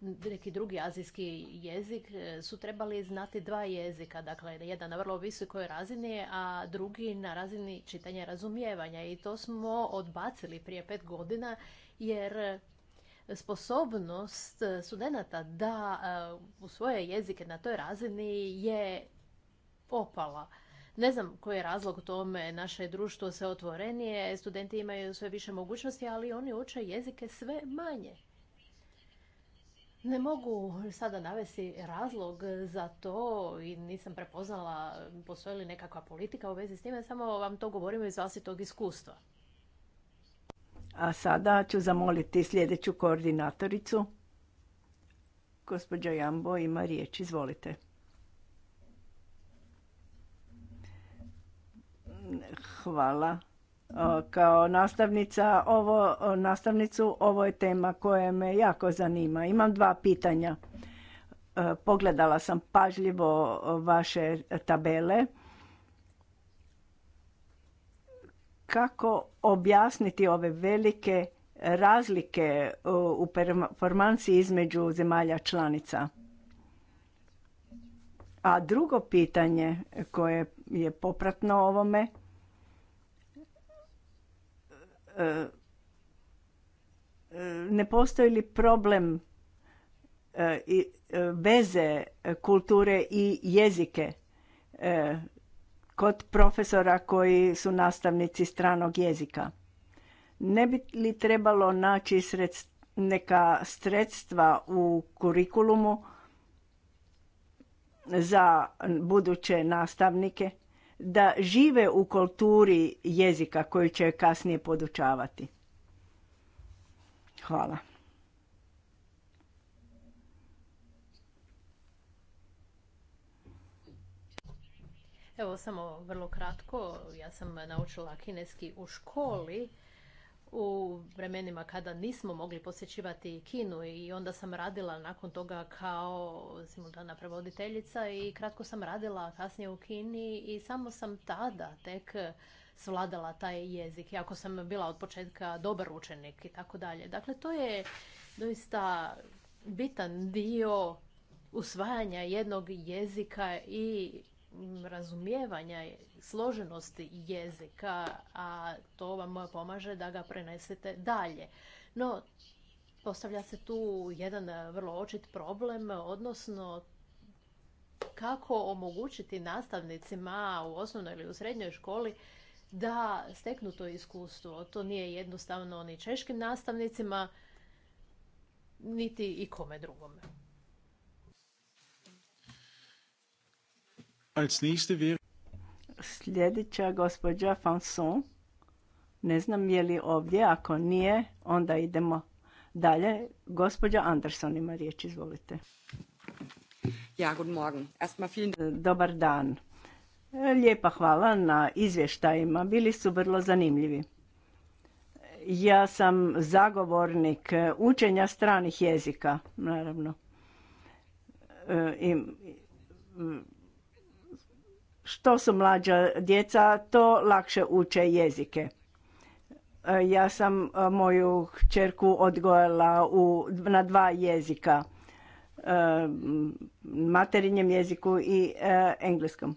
neki drugi azijski jezik e, su trebali znati dva jezika, dakle jedan na vrlo visokoj razini, a drugi na razini čitanja razumijevanja. I to smo odbacili prije pet godina jer sposobnost studenata da e, u svoje jezike na toj razini je opala. Ne znam koji je razlog tome, naše društvo se otvorenije, studenti imaju sve više mogućnosti, ali oni uče jezike sve manje. Ne mogu sada navesti razlog za to i nisam prepoznala postoji li nekakva politika u vezi s time, samo vam to govorim iz vlastitog iskustva. A sada ću zamoliti sljedeću koordinatoricu. Gospođa Jambo ima riječ, izvolite. Hvala kao nastavnica ovo nastavnicu ovo je tema koja me jako zanima. Imam dva pitanja. E, pogledala sam pažljivo vaše tabele. Kako objasniti ove velike razlike u performanci između zemalja članica? A drugo pitanje koje je popratno ovome ne postoji li problem e, e, veze kulture i jezike e, kod profesora koji su nastavnici stranog jezika. Ne bi li trebalo naći neka sredstva u kurikulumu za buduće nastavnike da žive u kulturi jezika koju će kasnije podučavati. Hvala. Evo samo vrlo kratko, ja sam naučila kineski u školi u vremenima kada nismo mogli posjećivati Kinu i onda sam radila nakon toga kao simultana prevoditeljica i kratko sam radila kasnije u Kini i samo sam tada tek svladala taj jezik, ako sam bila od početka dobar učenik i tako dalje. Dakle, to je doista bitan dio usvajanja jednog jezika i razumijevanja složenosti jezika, a to vam pomaže da ga prenesete dalje. No, postavlja se tu jedan vrlo očit problem, odnosno kako omogućiti nastavnicima u osnovnoj ili u srednjoj školi da steknu to iskustvo. To nije jednostavno ni češkim nastavnicima, niti i kome drugome. Als nächste wäre... Sljedeća gospođa Fanson. Ne znam je li ovdje, ako nije, onda idemo dalje. Gospođa Anderson ima riječ, izvolite. Ja, guten Morgen. Erstmal vielen... Dobar dan. Lijepa hvala na izvještajima, bili su vrlo zanimljivi. Ja sam zagovornik učenja stranih jezika, naravno. E, I što su mlađa djeca, to lakše uče jezike. E, ja sam e, moju čerku odgojala u, na dva jezika, e, materinjem jeziku i engleskom.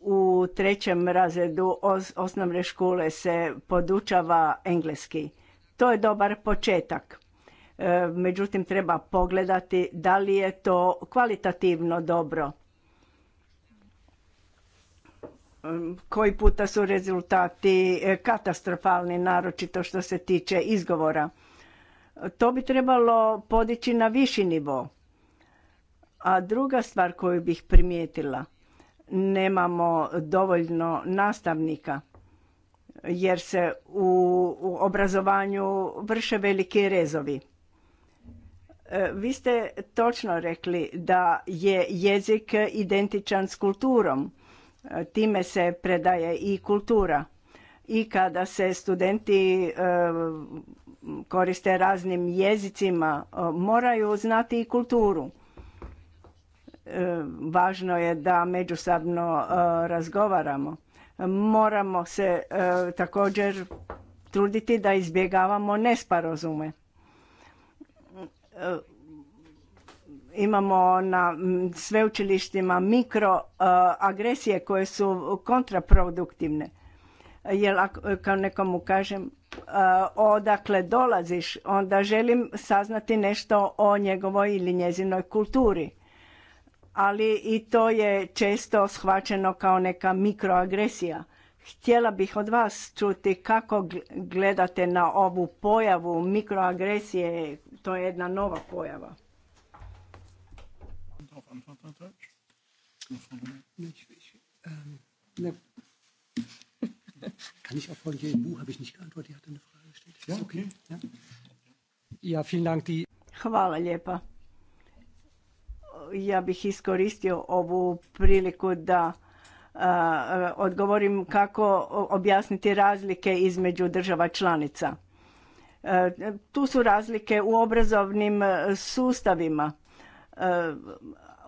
U, trećem razredu os, osnovne škole se podučava engleski. To je dobar početak. Međutim, treba pogledati da li je to kvalitativno dobro Um, koji puta su rezultati e, katastrofalni, naročito što se tiče izgovora. To bi trebalo podići na viši nivo. A druga stvar koju bih primijetila, nemamo dovoljno nastavnika jer se u obrazovanju vrše veliki rezovi. E, vi ste točno rekli da je jezik identičan s kulturom Time se predaje i kultura. I kada se studenti e, koriste raznim jezicima, e, moraju znati i kulturu. E, važno je da međusobno razgovaramo. Moramo se također truditi da izbjegavamo nesporazume imamo na sveučilištima e, agresije koje su kontraproduktivne. Jer ako nekomu kažem e, odakle dolaziš, onda želim saznati nešto o njegovoj ili njezinoj kulturi. Ali i to je često shvaćeno kao neka mikroagresija. Htjela bih od vas čuti kako gledate na ovu pojavu mikroagresije, to je jedna nova pojava na Ich, ich, ähm, ne. Kann ich auf Frau Jelbu, habe ich nicht geantwortet, die hat eine Frage gestellt. Ja, okay. Ja, ja vielen Dank. Die Hvala lijepa. Ja bih iskoristio ovu priliku da odgovorim kako objasniti razlike između država članica. tu su razlike u obrazovnim sustavima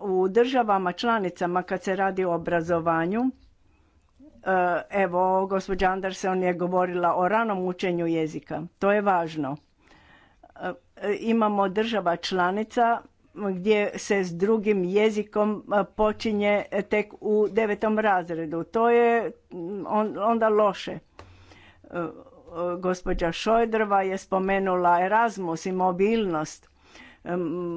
u državama članicama kad se radi o obrazovanju, e, evo gospođa Anderson je govorila o ranom učenju jezika, to je važno. E, imamo država članica gdje se s drugim jezikom e, počinje tek u devetom razredu. To je mm, onda loše. Gospođa Šojdrva je spomenula Erasmus i mobilnost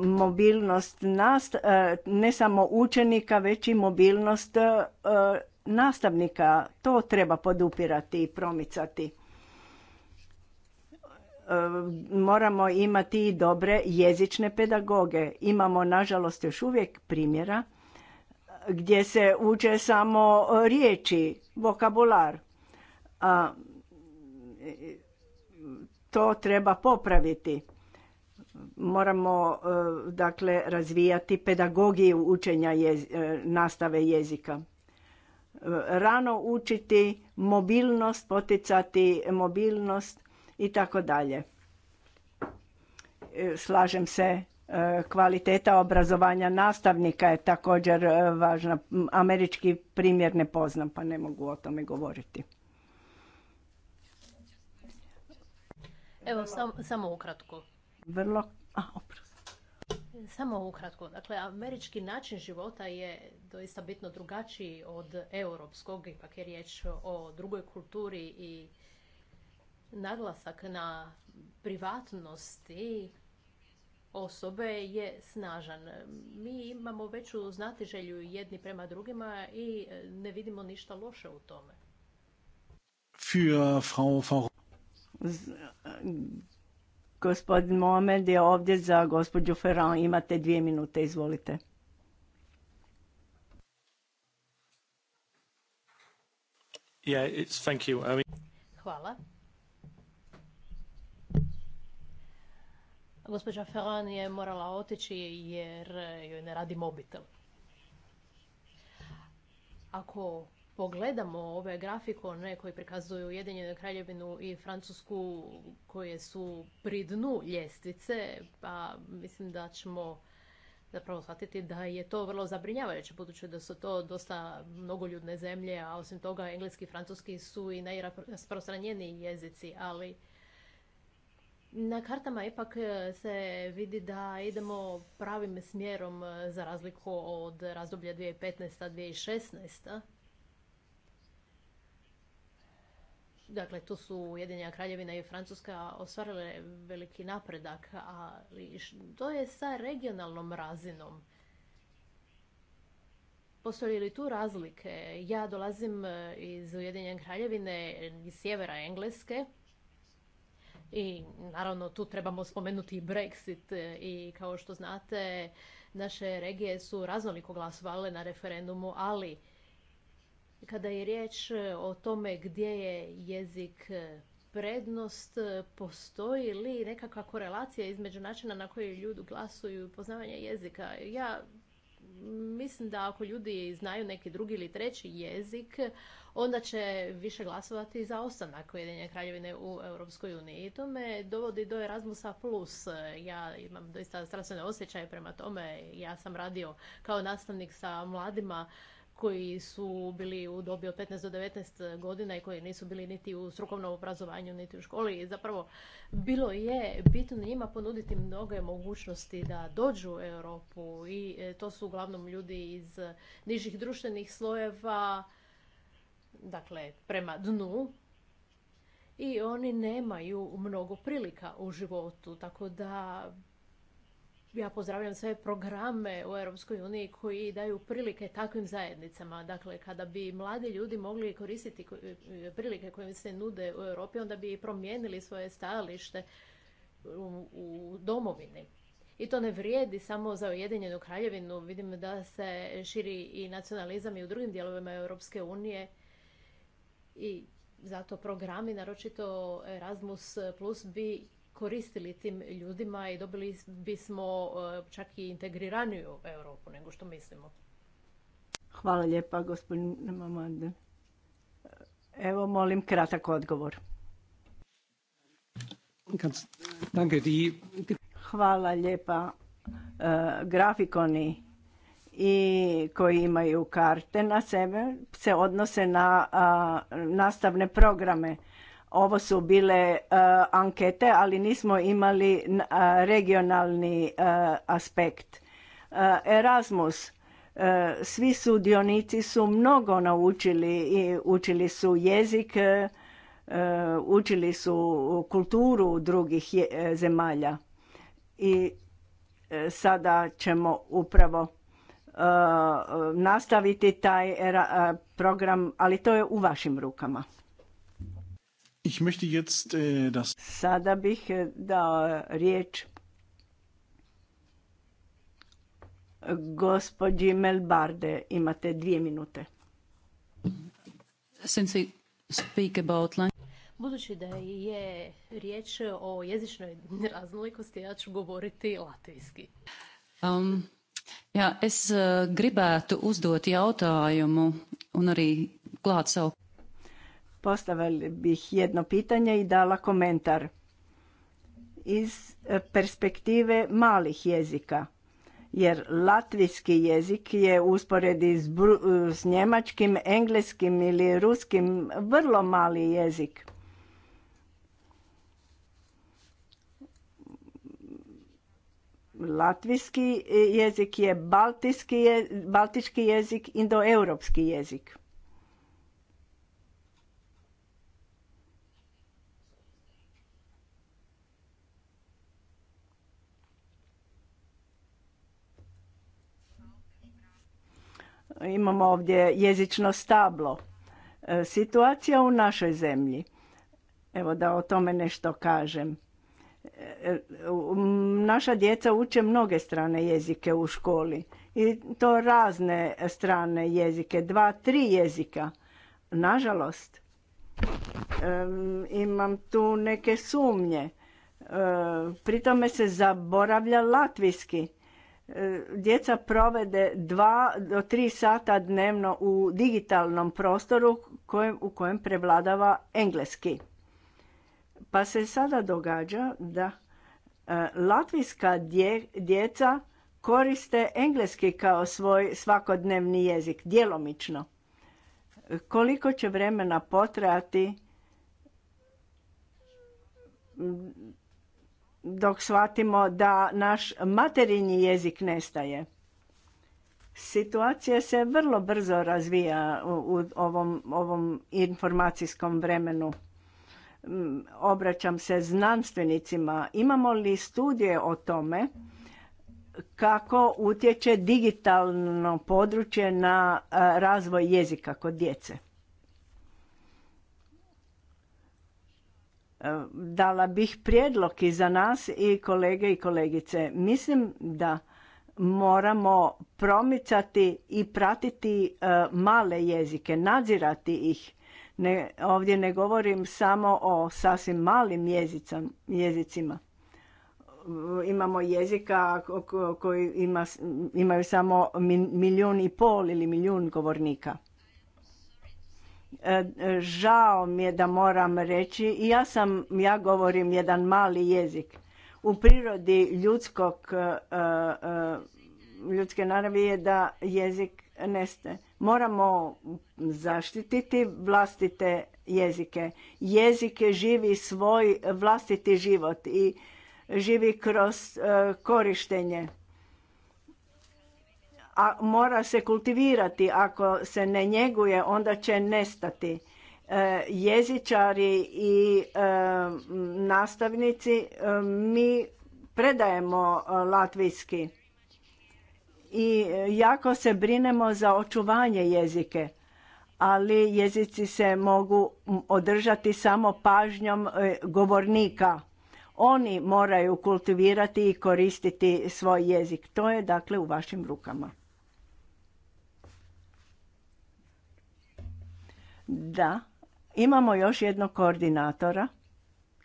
mobilnost e, ne samo učenika već i mobilnost e, nastavnika to treba podupirati i promicati e, moramo imati i dobre jezične pedagoge imamo nažalost još uvijek primjera gdje se uče samo riječi vokabular a to treba popraviti moramo e, dakle razvijati pedagogiju učenja e, nastave jezika e, rano učiti mobilnost poticati mobilnost i tako dalje slažem se kvaliteta obrazovanja nastavnika je također važna američki primjer ne poznam pa ne mogu o tome govoriti evo sam, samo ukratko vrlo... Samo ukratko. Dakle, američki način života je doista bitno drugačiji od europskog. Ipak je riječ o drugoj kulturi i naglasak na privatnosti osobe je snažan. Mi imamo veću znatiželju jedni prema drugima i ne vidimo ništa loše u tome. Für Frau Gospodin Mohamed je ovdje za gospođu Ferran. Imate dvije minute, izvolite. Hvala. Gospođa Ferran je morala otići jer joj ne radi mobitel. Ako pogledamo ove grafikone koji prikazuju Ujedinjenu kraljevinu i Francusku koje su pri dnu ljestvice, pa mislim da ćemo zapravo shvatiti da je to vrlo zabrinjavajuće, budući da su to dosta mnogoljudne zemlje, a osim toga engleski i francuski su i najrasprostranjeniji jezici, ali na kartama ipak se vidi da idemo pravim smjerom za razliku od razdoblja 2015-2016. Dakle, tu su Ujedinjena kraljevina i Francuska ostvarile veliki napredak, ali to je sa regionalnom razinom. Postoje li tu razlike? Ja dolazim e, iz Ujedinjene kraljevine, iz sjevera Engleske. I naravno tu trebamo spomenuti i Brexit e, i kao što znate naše regije su raznoliko glasovale na referendumu, ali kada je riječ e, o tome gdje je jezik e, prednost, e, postoji li nekakva korelacija između načina na koji ljudi glasuju i poznavanja jezika? Ja mislim da ako ljudi znaju neki drugi ili treći jezik, onda će više glasovati za ostanak Ujedinjene kraljevine u Europskoj uniji. I to me dovodi do Erasmusa+. Plus. Ja imam doista strastvene osjećaje prema tome. Ja sam radio kao nastavnik sa mladima koji su bili u dobi od 15 do 19 godina i koji nisu bili niti u strukovnom obrazovanju, niti u školi. I zapravo bilo je bitno njima ponuditi mnoge mogućnosti da dođu u Europu i e, to su uglavnom ljudi iz nižih društvenih slojeva, dakle prema dnu, i oni nemaju mnogo prilika u životu, tako da ja pozdravljam sve programe u Europskoj uniji koji daju prilike takvim zajednicama. Dakle, kada bi mladi ljudi mogli koristiti prilike koje se nude u Europi, onda bi promijenili svoje stajalište u, domovini. I to ne vrijedi samo za Ujedinjenu kraljevinu. Vidim da se širi i nacionalizam i u drugim dijelovima Europske unije. I zato programi, naročito Erasmus Plus, bi koristili tim ljudima i dobili bismo eh, čak i integriraniju Europu nego što mislimo. Hvala lijepa gospodine Mamande. Evo molim kratak odgovor. Hvala lijepa. Eh, grafikoni i koji imaju karte na sebe se odnose na eh, nastavne programe ovo su bile e, ankete, ali nismo imali regionalni e, aspekt. E, Erasmus, svi sudionici su mnogo naučili i učili su jezik, učili su kulturu drugih zemalja. I sada ćemo upravo nastaviti taj program, ali to je u vašim rukama. Ich möchte jetzt äh, das Sada bih eh, da riječ eh, gospođi Melbarde. Imate dvije minute. Since we speak about Budući da je riječ o jezičnoj raznolikosti, ja ću govoriti latvijski. Um, ja, es eh, gribētu uzdot jautājumu un arī klāt savu Postavili bih jedno pitanje i dala komentar. Iz e, perspektive malih jezika, jer latvijski jezik je usporedi s, e, s njemačkim, engleskim ili ruskim vrlo mali jezik. Latvijski e, jezik je baltijski je, baltički jezik, indoeuropski jezik. Imamo ovdje jezično stablo. E, situacija u našoj zemlji. Evo da o tome nešto kažem. E, naša djeca uče mnoge strane jezike u školi. I to razne strane jezike. Dva, tri jezika. Nažalost, e, imam tu neke sumnje. Pri tome se zaboravlja latvijski djeca provede dva do tri sata dnevno u digitalnom prostoru kojem, u kojem prevladava engleski. Pa se sada događa da e, latvijska djeca koriste engleski kao svoj svakodnevni jezik, djelomično. Koliko će vremena potrati dok shvatimo da naš materinji jezik nestaje. Situacija se vrlo brzo razvija u ovom, ovom informacijskom vremenu. Mm, obraćam se znanstvenicima. Imamo li studije o tome kako utječe digitalno područje na razvoj jezika kod djece? dala bih prijedlog i za nas i kolege i kolegice. Mislim da moramo promicati i pratiti e, male jezike, nadzirati ih. Ne, ovdje ne govorim samo o sasvim malim jezicima. Imamo jezika koji ima, imaju samo milijun i pol ili milijun govornika. E, žao mi je da moram reći i ja sam ja govorim jedan mali jezik u prirodi ljudskog e, e, ljudske naravi je da jezik neste moramo zaštititi vlastite jezike jezik živi svoj vlastiti život i živi kroz korištenje a mora se kultivirati. Ako se ne njeguje, onda će nestati. E, jezičari i e, nastavnici e, mi predajemo latvijski i jako se brinemo za očuvanje jezike ali jezici se mogu održati samo pažnjom govornika. Oni moraju kultivirati i koristiti svoj jezik. To je dakle u vašim rukama. Da. Imamo još jednog koordinatora.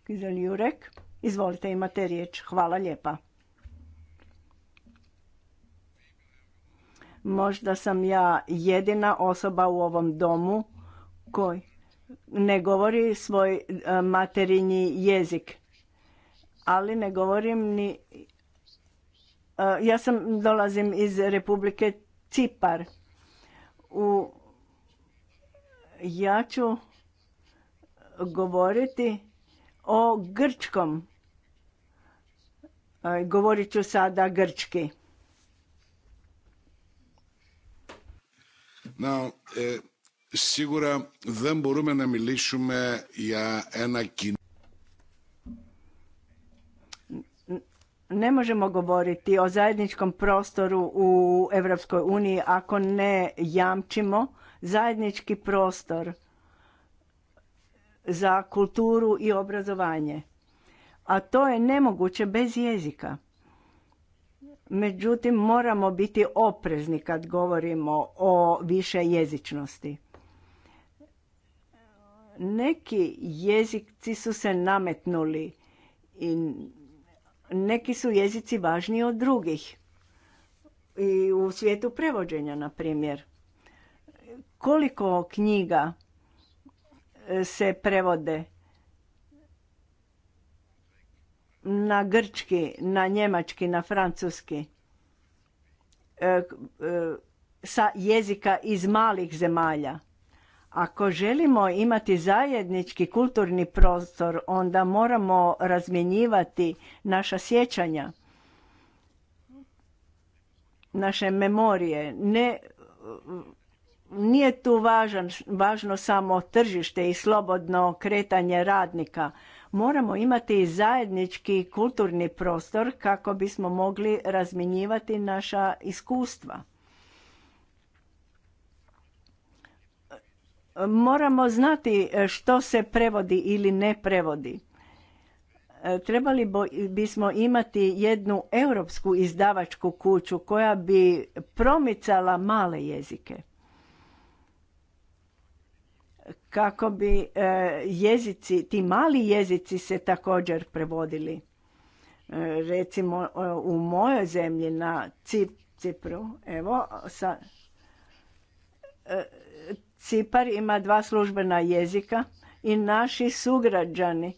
Kizel Jurek. Izvolite, imate riječ. Hvala lijepa. Možda sam ja jedina osoba u ovom domu koji ne govori svoj e, materinji jezik. Ali ne govorim ni... E, ja sam dolazim iz Republike Cipar. U ja ću govoriti o grčkom. E, govorit ću sada grčki. Now, e, sigura δεν μπορούμε να μιλήσουμε για ένα Ne možemo govoriti o zajedničkom prostoru u Europskoj uniji ako ne jamčimo zajednički prostor za kulturu i obrazovanje. A to je nemoguće bez jezika. Međutim, moramo biti oprezni kad govorimo o više jezičnosti. Neki jezici su se nametnuli i neki su jezici važniji od drugih. I u svijetu prevođenja, na primjer. Koliko knjiga e, se prevode na grčki, na njemački, na francuski, e, e, sa jezika iz malih zemalja. Ako želimo imati zajednički kulturni prostor, onda moramo razmjenjivati naša sjećanja, naše memorije. Ne, nije tu važan, važno samo tržište i slobodno kretanje radnika. Moramo imati zajednički kulturni prostor kako bismo mogli razmjenjivati naša iskustva. moramo znati e, što se prevodi ili ne prevodi. E, trebali bismo imati jednu europsku izdavačku kuću koja bi promicala male jezike. Kako bi e, jezici, ti mali jezici se također prevodili. Recimo u mojoj zemlji na Cipru, evo, sa, Cipar ima dva službena jezika i naši sugrađani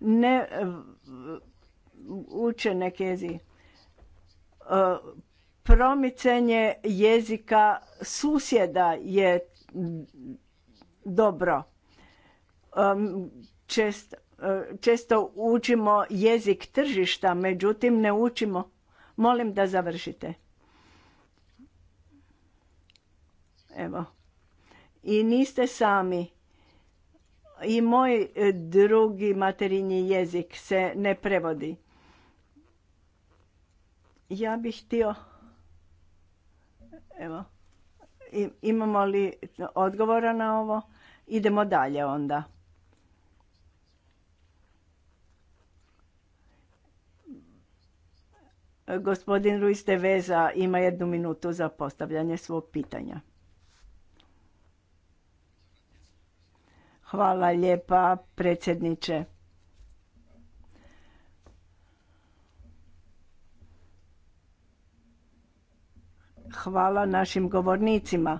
ne uče neki jezik. E, promicanje jezika susjeda je dobro. E, e, često učimo jezik tržišta, međutim ne učimo. Molim da završite. Evo. I niste sami. I moj e, drugi materinji jezik se ne prevodi. Ja bih htio... Evo, imamo li odgovora na ovo? Idemo dalje onda. Gospodin Ruiz Teveza ima jednu minutu za postavljanje svog pitanja. Hvala lijepa predsjedniče. Hvala našim govornicima.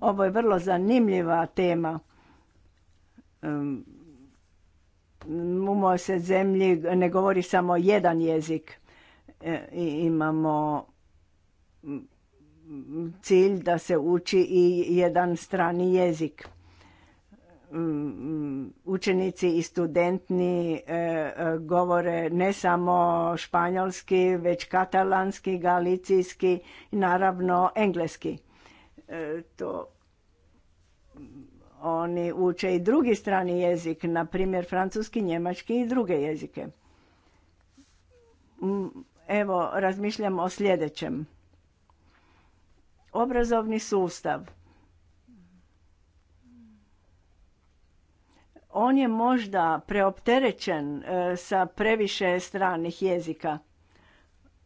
Ovo je vrlo zanimljiva tema. U mojoj se zemlji ne govori samo jedan jezik. E, imamo cilj da se uči i jedan strani jezik. Mm, učenici i studentni e, e, govore ne samo španjolski, već katalanski, galicijski i naravno engleski. E, to mm, oni uče i drugi strani jezik, na primjer francuski, njemački i druge jezike. Mm, evo, razmišljam o sljedećem. Obrazovni sustav – on je možda preopterećen e, sa previše stranih jezika.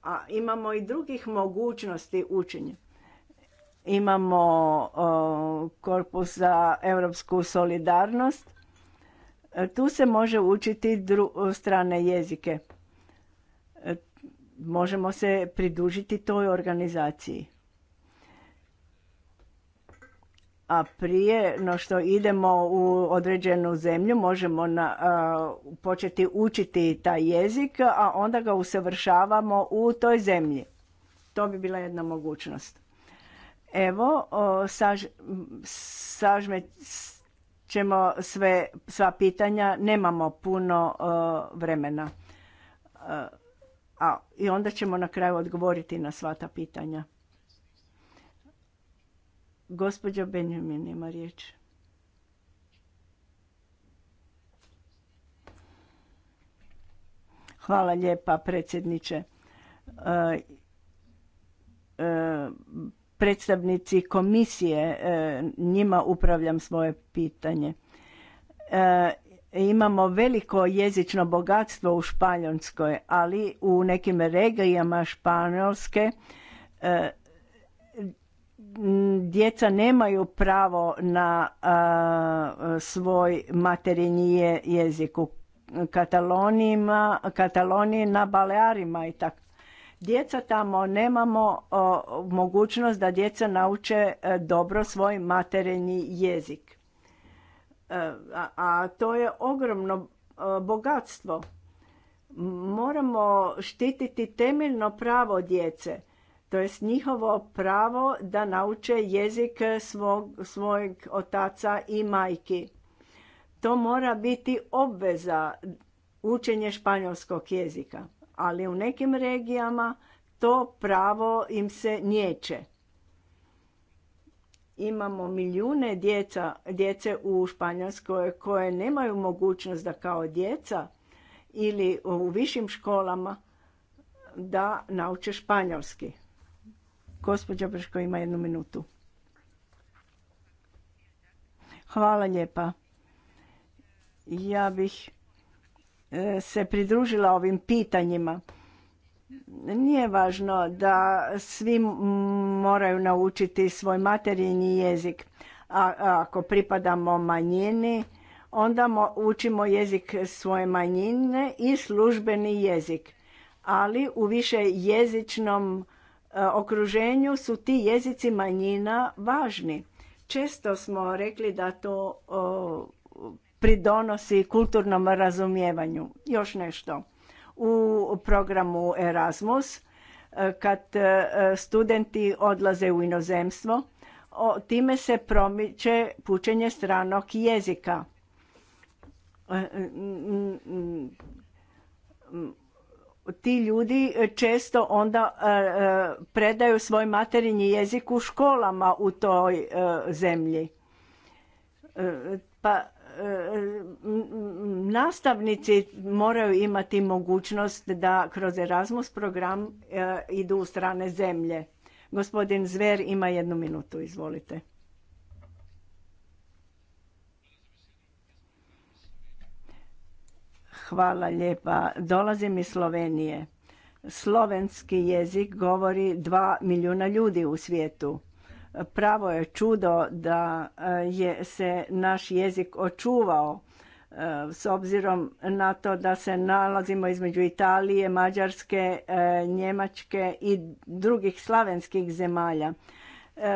A imamo i drugih mogućnosti učenja. Imamo korpus za europsku solidarnost. E, tu se može učiti strane jezike. E, možemo se pridružiti toj organizaciji. a prije no što idemo u određenu zemlju možemo na, početi učiti taj jezik, a onda ga usavršavamo u toj zemlji. To bi bila jedna mogućnost. Evo, o, ćemo sve, sva pitanja, nemamo puno vremena. A, I onda ćemo na kraju odgovoriti na sva ta pitanja. Gospođo Benjamin ima riječ. Hvala lijepa predsjedniče. E, e, predstavnici komisije, e, njima upravljam svoje pitanje. Imamo veliko jezično bogatstvo u Španjolskoj, ali u nekim regijama Španjolske Mm, djeca nemaju pravo na svoj materinji jezik u Kataloniji na Balearima i tako. Djeca tamo nemamo mogućnost da djeca nauče e, dobro svoj materinji jezik. E, a, a to je ogromno e, bogatstvo. Moramo štititi temeljno pravo djece to jest njihovo pravo da nauče jezik svog, svojeg otaca i majki. To mora biti obveza učenje španjolskog jezika, ali u nekim regijama to pravo im se njeće. Imamo milijune djeca, djece u Španjolskoj koje nemaju mogućnost da kao djeca ili u višim školama da nauče španjolski. Gospođa Brško ima jednu minutu. Hvala lijepa. Ja bih e, se pridružila ovim pitanjima. Nije važno da svi moraju naučiti svoj materinji jezik. A ako pripadamo manjini, onda učimo jezik svoje manjine i službeni jezik. Ali u više jezičnom E, okruženju su ti jezici manjina važni. Često smo rekli da to pridonosi kulturnom razumijevanju. Još nešto. U programu Erasmus, e, kad e, studenti odlaze u inozemstvo, time se promiče pučenje stranog jezika ti ljudi e, često onda e, e, predaju svoj materinji jezik u školama u toj zemlji. Pa nastavnici moraju imati mogućnost da kroz Erasmus program idu u strane zemlje. Gospodin Zver ima jednu minutu, izvolite. Hvala lijepa. Dolazim iz Slovenije. Slovenski jezik govori dva milijuna ljudi u svijetu. Pravo je čudo da e, je se naš jezik očuvao e, s obzirom na to da se nalazimo između Italije, Mađarske, e, Njemačke i drugih slavenskih zemalja.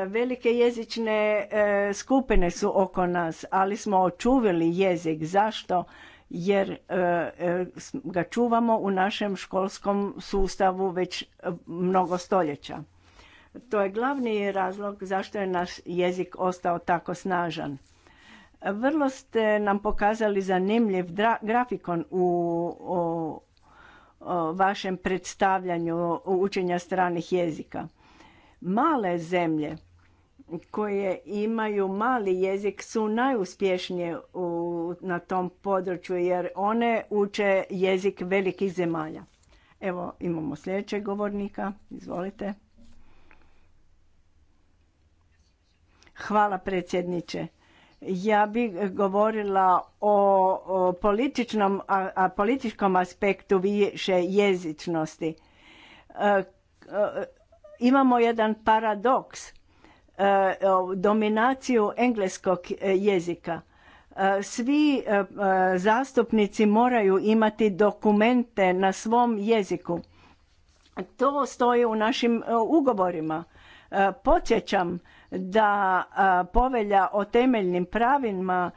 Velike jezične skupine su oko nas, ali smo očuvili jezik. Zašto? jer e, e, ga čuvamo u našem školskom sustavu već e, mnogo stoljeća. To je glavni razlog zašto je naš jezik ostao tako snažan. Vrlo ste nam pokazali zanimljiv grafikon u vašem predstavljanju učenja stranih jezika. Male zemlje koje imaju mali jezik su najuspješnije na tom području jer one uče jezik velikih zemalja. Evo imamo sljedećeg govornika, izvolite. Hvala predsjedniče. Ja bih govorila o, političnom, a, političkom aspektu više jezičnosti. E, e, imamo jedan paradoks dominaciju engleskog e, jezika. E, svi e, zastupnici moraju imati dokumente na svom jeziku. To stoji u našim ugovorima. Podsjećam da povelja o temeljnim pravima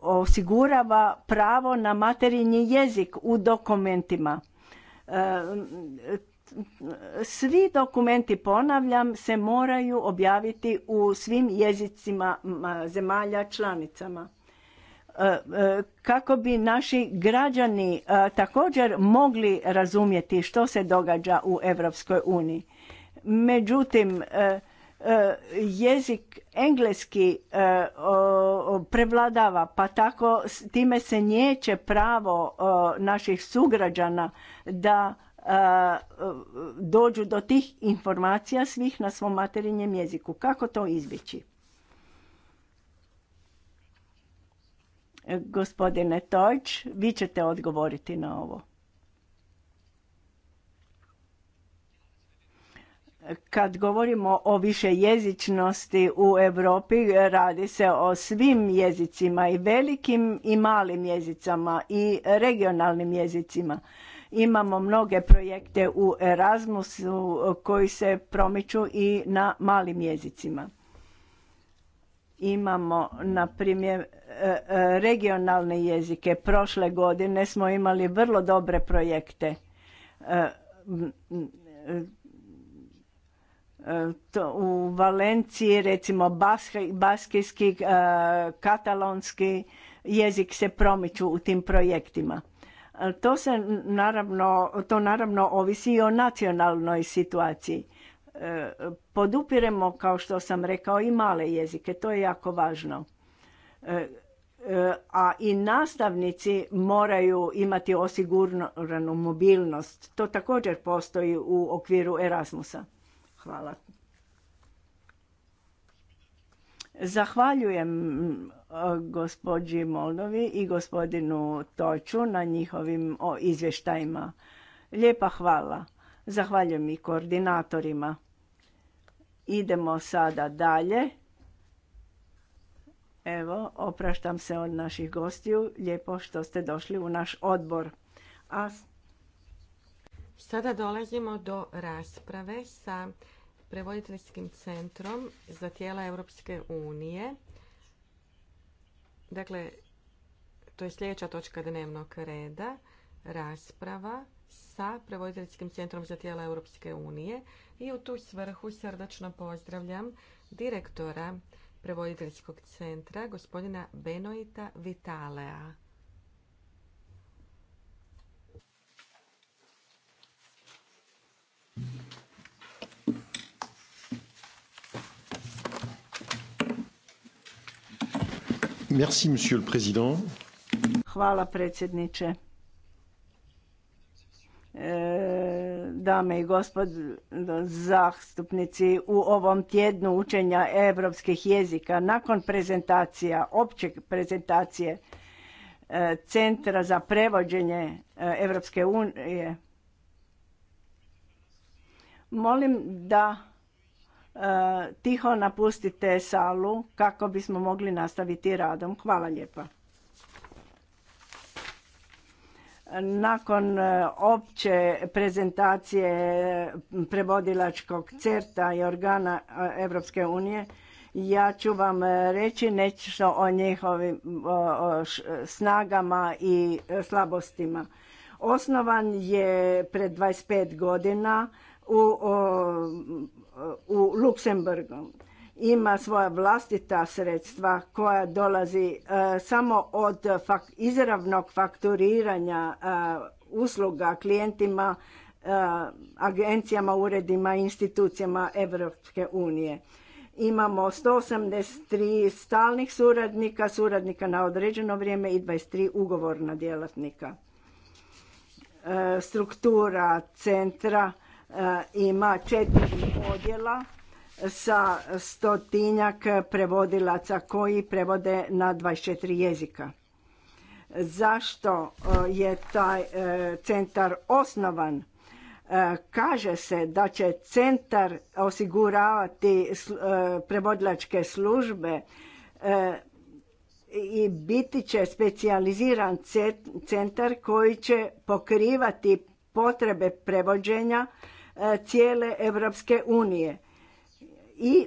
osigurava pravo na materinji jezik u dokumentima svi dokumenti, ponavljam, se moraju objaviti u svim jezicima zemalja članicama e, e, kako bi naši građani e, također mogli razumjeti što se događa u Europskoj uniji. Međutim, jezik engleski prevladava, pa tako time se nijeće pravo naših sugrađana da dođu do tih informacija svih na svom materinjem jeziku. Kako to izbjeći? Gospodine Tojč, vi ćete odgovoriti na ovo. Kad govorimo o višejezičnosti u Europi, radi se o svim jezicima i velikim i malim jezicama i regionalnim jezicima. Imamo mnoge projekte u Erasmusu koji se promiču i na malim jezicima. Imamo, na primjer, e, e, regionalne jezike. Prošle godine smo imali vrlo dobre projekte. E, to u Valenciji recimo baskijski, katalonski jezik se promiču u tim projektima. E, to se naravno, to naravno ovisi i o nacionalnoj situaciji. E, podupiremo, kao što sam rekao, i male jezike, to je jako važno. E, a i nastavnici moraju imati osiguranu mobilnost. To također postoji u okviru Erasmusa. Hvala. Zahvaljujem e, gospođi Molnovi i gospodinu Toču na njihovim izvještajima. Lijepa hvala. Zahvaljujem i koordinatorima. Idemo sada dalje. Evo, opraštam se od naših gostiju. Lijepo što ste došli u naš odbor. A... Sada dolazimo do rasprave sa prevoditeljskim centrom za tijela Europske unije. Dakle, to je sljedeća točka dnevnog reda, rasprava sa prevoditeljskim centrom za tijela Europske unije i u tu svrhu srdačno pozdravljam direktora prevoditeljskog centra, gospodina Benoita Vitalea. Merci, monsieur Hvala predsjedniče. E, dame i gospodo zastupnici, u ovom tjednu učenja europskih jezika nakon prezentacija, opće prezentacije e, Centra za prevođenje Europske unije, molim da Eh, tiho napustite salu kako bismo mogli nastaviti radom. Hvala lijepa. Nakon eh, opće prezentacije prevodilačkog certa i organa Europske eh, unije, ja ću vam reći nešto o njihovim snagama i slabostima. Osnovan je pred 25 godina u, u Luksemburgu ima svoja vlastita sredstva koja dolazi e, samo od izravnog fakturiranja e, usluga klijentima, e, agencijama, uredima institucijama Europske unije. Imamo 183 stalnih suradnika, suradnika na određeno vrijeme i 23 ugovorna djelatnika. Struktura centra E, ima četiri odjela sa stotinjak prevodilaca koji prevode na 24 jezika. Zašto e, je taj e, centar osnovan? Kaže se da će centar osiguravati prevodilačke službe i biti će specijaliziran centar koji će pokrivati potrebe prevođenja E, cijele Europske unije i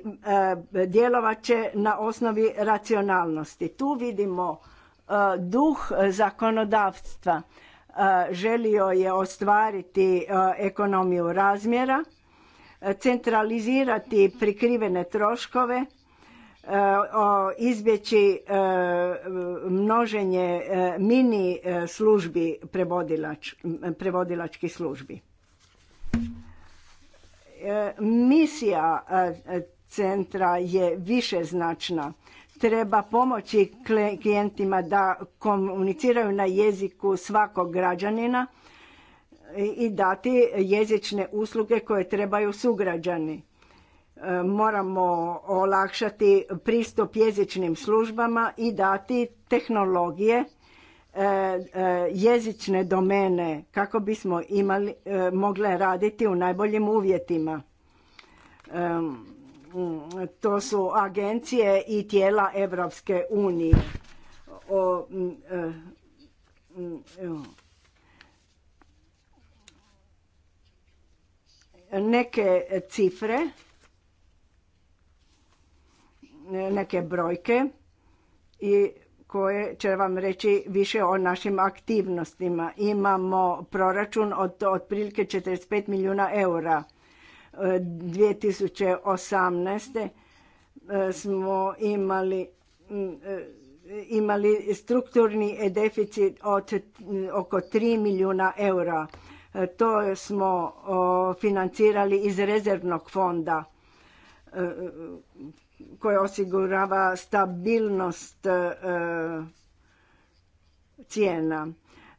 e, djelovat će na osnovi racionalnosti. Tu vidimo e, duh zakonodavstva. Želio je ostvariti ekonomiju razmjera, centralizirati prikrivene troškove, izbjeći množenje mini službi prevodilač, prevodilačkih službi. Misija e, centra je višeznačna. Treba pomoći klijentima da komuniciraju na jeziku svakog građanina e, i dati jezične usluge koje trebaju sugrađani. E, moramo olakšati pristup jezičnim službama i dati tehnologije E, e, jezične domene kako bismo imali, e, mogle raditi u najboljim uvjetima. To su agencije i tijela Evropske unije. O, neke cifre, neke brojke i koje će vam reći više o našim aktivnostima. Imamo proračun od otprilike 45 milijuna eura. 2018. E, smo imali e, imali strukturni deficit od e, oko 3 milijuna eura. To smo financirali iz rezervnog fonda koja osigurava stabilnost e, cijena.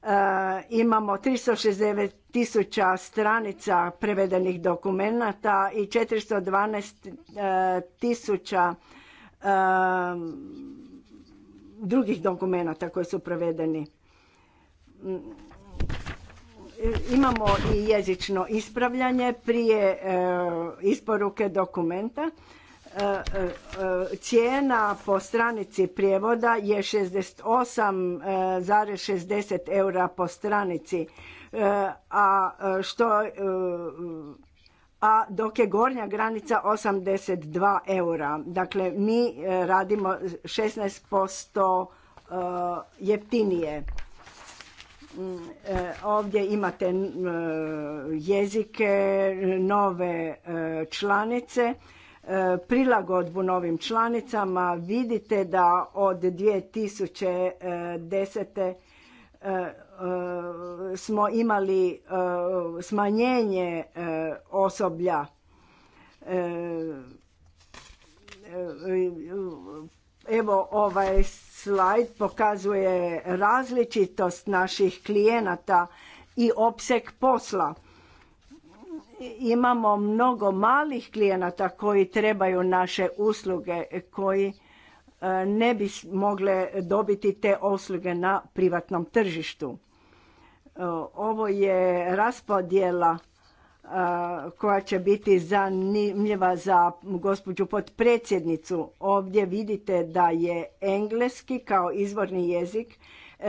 E, imamo 369 tisuća stranica prevedenih dokumenata i 412 tisuća e, drugih dokumenata koji su prevedeni. Imamo i jezično ispravljanje prije isporuke dokumenta cijena po stranici prijevoda je 68,60 e, eura po stranici, e, a što e, a dok je gornja granica 82 eura. Dakle, mi radimo 16% jeftinije. Mm, ovdje imate jezike, nove članice E, prilagodbu novim članicama. Vidite da od 2010. E, e, smo imali smanjenje osoblja Evo ovaj slajd pokazuje različitost naših klijenata i opseg posla imamo mnogo malih klijenata koji trebaju naše usluge, koji e, ne bi mogle dobiti te usluge na privatnom tržištu. E, ovo je raspodjela e, koja će biti zanimljiva za gospođu potpredsjednicu. Ovdje vidite da je engleski kao izvorni jezik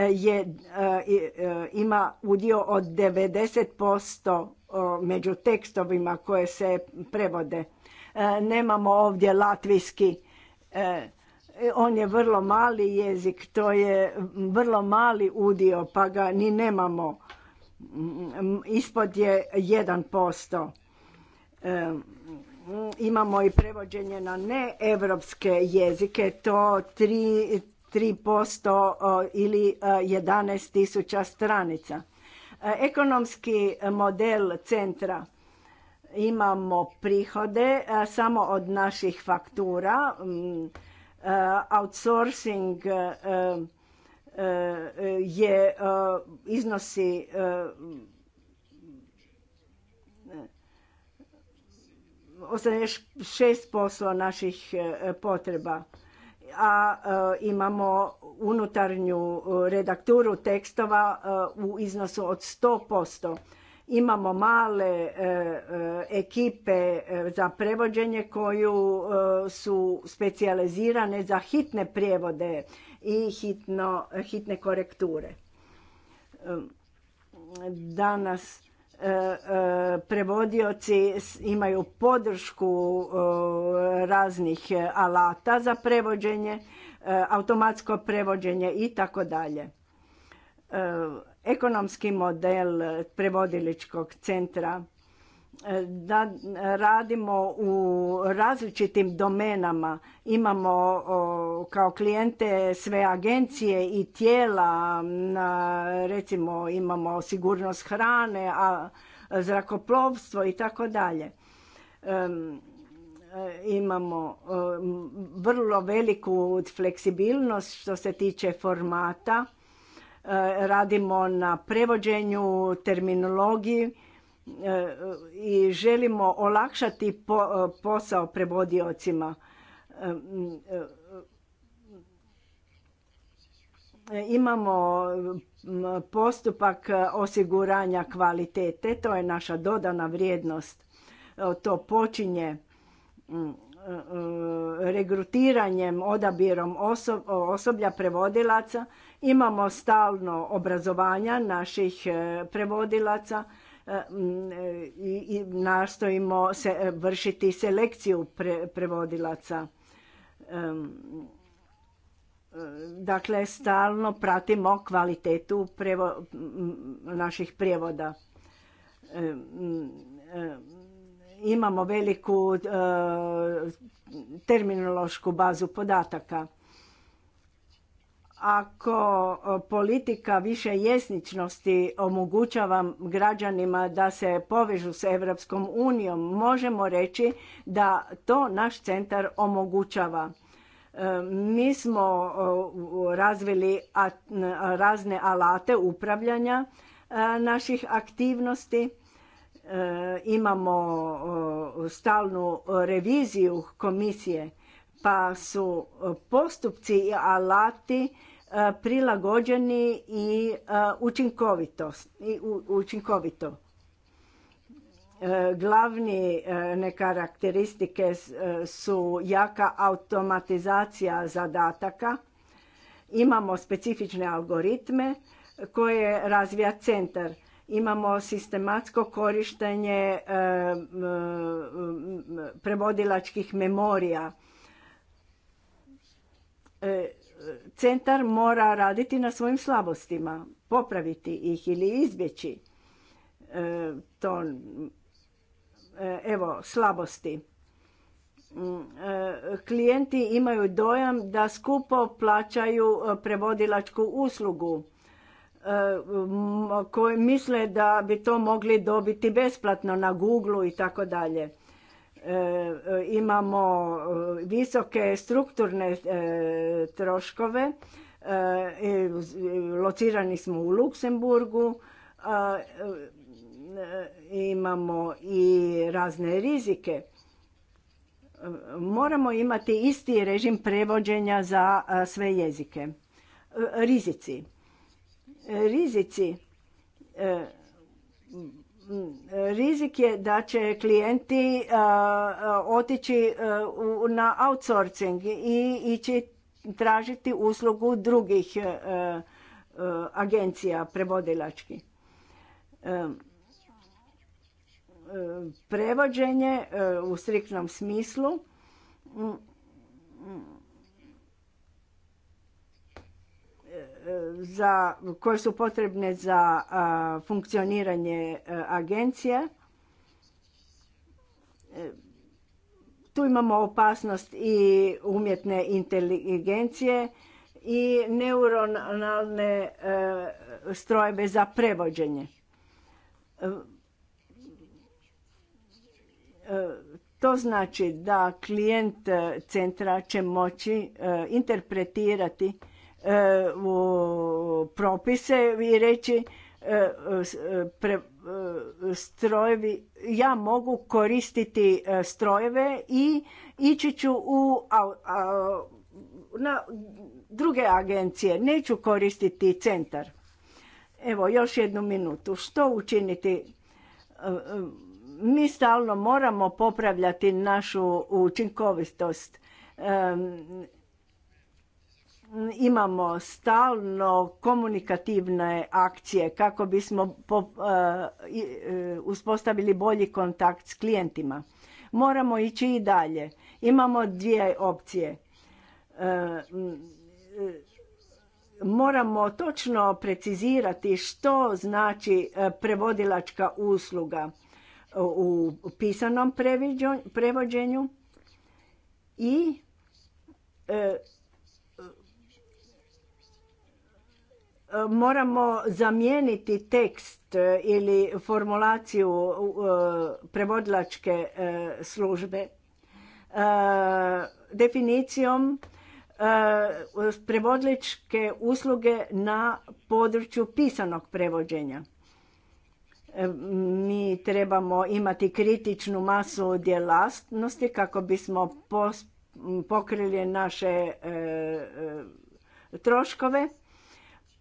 je, e, e, ima udio od 90% među tekstovima koje se prevode. E, nemamo ovdje latvijski, on je vrlo mali jezik, to je vrlo mali udio pa ga ni nemamo, mm, ispod je 1%. Imamo i prevođenje na neevropske jezike, to tri, 3% ili 11 e, tisuća stranica. E, ekonomski model centra imamo prihode e, samo od naših faktura, outsourcing je iznosi šest posto naših potreba a e, imamo unutarnju e, redakturu tekstova e, u iznosu od 100%. Imamo male ekipe za prevođenje koju su specijalizirane za hitne prijevode i hitno, hitne korekture. Danas E, e, prevodioci imaju podršku e, raznih alata za prevođenje, automatsko prevođenje i tako dalje. Ekonomski model prevodiličkog centra da radimo u različitim domenama. Imamo kao klijente sve agencije i tijela, recimo imamo sigurnost hrane, a zrakoplovstvo i tako dalje. Imamo vrlo veliku fleksibilnost što se tiče formata. E, radimo na prevođenju, terminologiji i želimo olakšati posao prevodiocima. Imamo postupak osiguranja kvalitete, to je naša dodana vrijednost. To počinje mm, e, regrutiranjem, odabirom osoblja prevodilaca. Imamo stalno obrazovanja naših e, prevodilaca i nastojimo se e, vršiti selekciju pre, prevodilaca. E, dakle, stalno pratimo kvalitetu naših prijevoda. Imamo veliku e, terminološku bazu podataka ako politika više jesničnosti omogućava građanima da se povežu s Evropskom unijom, možemo reći da to naš centar omogućava. E, mi smo razvili razne alate upravljanja e, naših aktivnosti. E, imamo stalnu reviziju komisije pa su e, postupci i alati e, prilagođeni i e, učinkovito. Glavne karakteristike su jaka automatizacija zadataka, imamo specifične algoritme koje razvija centar. Imamo sistematsko korištenje prevodilačkih memorija E, centar mora raditi na svojim slabostima, popraviti ih ili izbjeći e, to e, evo slabosti. Mm, klijenti imaju dojam da skupo plaćaju prevodilačku uslugu koji misle da bi to mogli dobiti besplatno na Google i tako dalje. E, imamo e, visoke strukturne e, troškove, locirani smo u Luksemburgu, imamo i razne rizike. Moramo imati isti režim prevođenja za sve jezike. Rizici. Rizici rizik je da će klijenti e, otići e, na outsourcing i ići tražiti uslugu drugih e, agencija prevodilački. Prevođenje u striktnom smislu za, koje su potrebne za funkcioniranje e, agencije. E, tu imamo opasnost i umjetne inteligencije i neuronalne e, strojeve za prevođenje. To znači da klijent centra će moći interpretirati E, u propise i reći e, e, strojevi, ja mogu koristiti strojeve i ići ću u na druge agencije, neću koristiti centar. Evo, još jednu minutu. Što učiniti? Mi stalno moramo popravljati našu učinkovitost imamo stalno komunikativne akcije kako bismo po, e, e, uspostavili bolji kontakt s klijentima. Moramo ići i dalje. Imamo dvije opcije. E, moramo točno precizirati što znači prevodilačka usluga u pisanom prevođenju i moramo zamijeniti tekst e, ili formulaciju e, prevodilačke e, službe definicijom prevodilačke usluge na području pisanog prevođenja. Mi trebamo imati kritičnu masu djelastnosti kako bismo pokrili naše troškove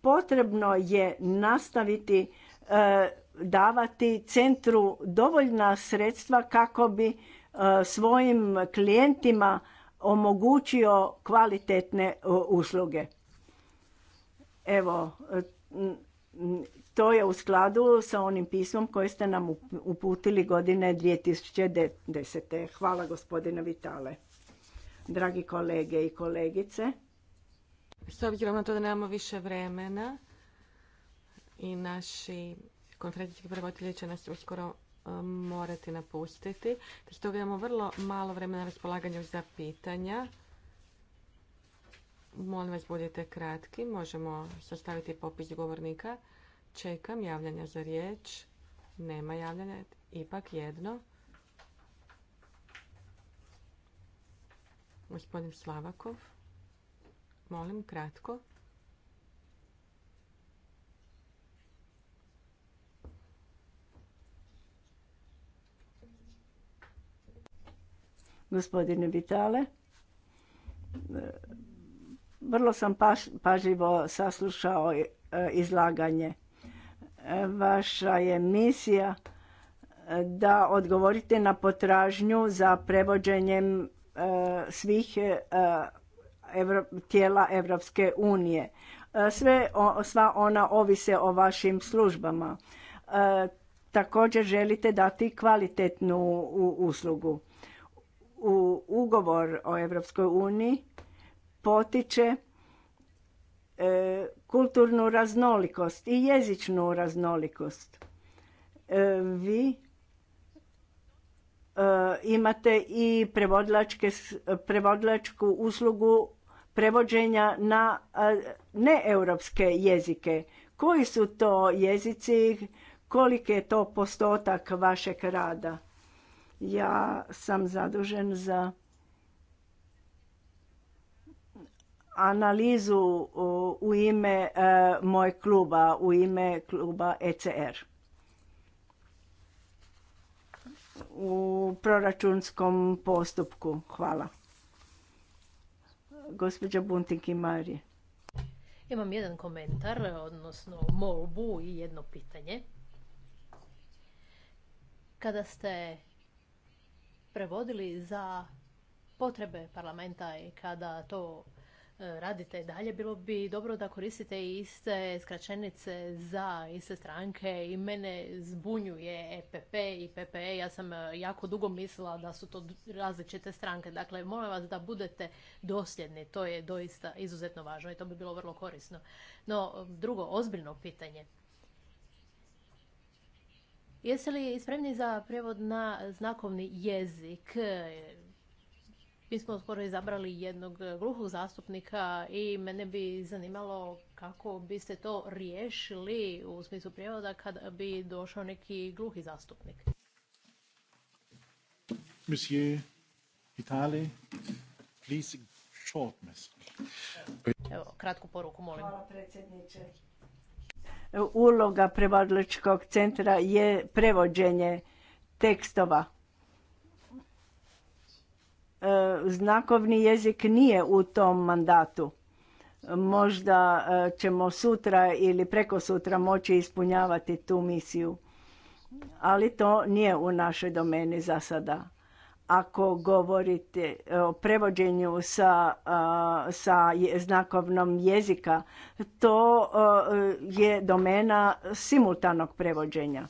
Potrebno je nastaviti e, davati centru dovoljna sredstva kako bi e, svojim klijentima omogućio kvalitetne e, usluge. Evo, to je u skladu sa onim pismom koje ste nam uputili godine 2010. Hvala gospodine Vitale. Dragi kolege i kolegice, s obzirom na to da nemamo više vremena i naši konferencijski prevoditelji će nas uskoro e, morati napustiti. Stoga imamo vrlo malo vremena na raspolaganju za pitanja. Molim vas, budite kratki. Možemo sastaviti popis govornika. Čekam javljanja za riječ. Nema javljanja. Ipak jedno. Gospodin Slavakov molim, kratko. Gospodine Vitale, e, vrlo sam pažljivo saslušao e, izlaganje. E, vaša je misija da odgovorite na potražnju za prevođenjem svih tijela Evropske unije. E, sve, sva ona ovise o vašim službama. E, također želite dati kvalitetnu uslugu. U, ugovor o Evropskoj uniji potiče e, kulturnu raznolikost i jezičnu raznolikost. vi imate i prevodlačku uslugu prevođenja na neeuropske jezike. Koji su to jezici, koliki je to postotak vašeg rada? Ja sam zadužen za analizu u ime e, mojeg kluba, u ime kluba ECR. U proračunskom postupku. Hvala. Gospođa Buntink i Marije. Imam jedan komentar, odnosno molbu i jedno pitanje. Kada ste prevodili za potrebe parlamenta i kada to E, radite dalje, bilo bi dobro da koristite iste skraćenice za iste stranke i mene zbunjuje EPP i PPE. Ja sam e, jako dugo mislila da su to različite stranke. Dakle, molim vas da budete dosljedni. To je doista izuzetno važno i to bi bilo vrlo korisno. No, drugo, ozbiljno pitanje. Jeste li spremni za prijevod na znakovni jezik? Mi smo skoro izabrali jednog e, gluhog zastupnika i mene bi zanimalo kako biste to riješili u smislu prijevoda kada bi došao neki gluhi zastupnik. Monsieur Vitali, please short Evo, kratku poruku, molim. Hvala predsjedniče. Uloga prevadličkog centra je prevođenje tekstova E, znakovni jezik nije u tom mandatu. Možda e, ćemo sutra ili preko sutra moći ispunjavati tu misiju, ali to nije u našoj domeni za sada. Ako govorite o prevođenju sa, e, sa znakovnom jezika, to je domena simultanog prevođenja.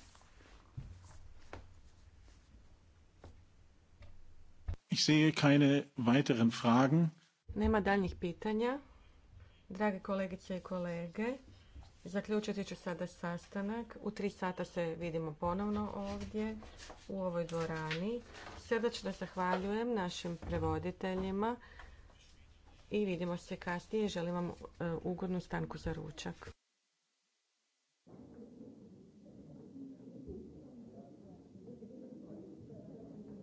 Ich sehe keine Fragen. Nema daljnjih pitanja. Drage kolegice i kolege, zaključiti ću sada sastanak. U tri sata se vidimo ponovno ovdje u ovoj dvorani. Srdačno zahvaljujem našim prevoditeljima i vidimo se kasnije. Želim vam e, ugodnu stanku za ručak.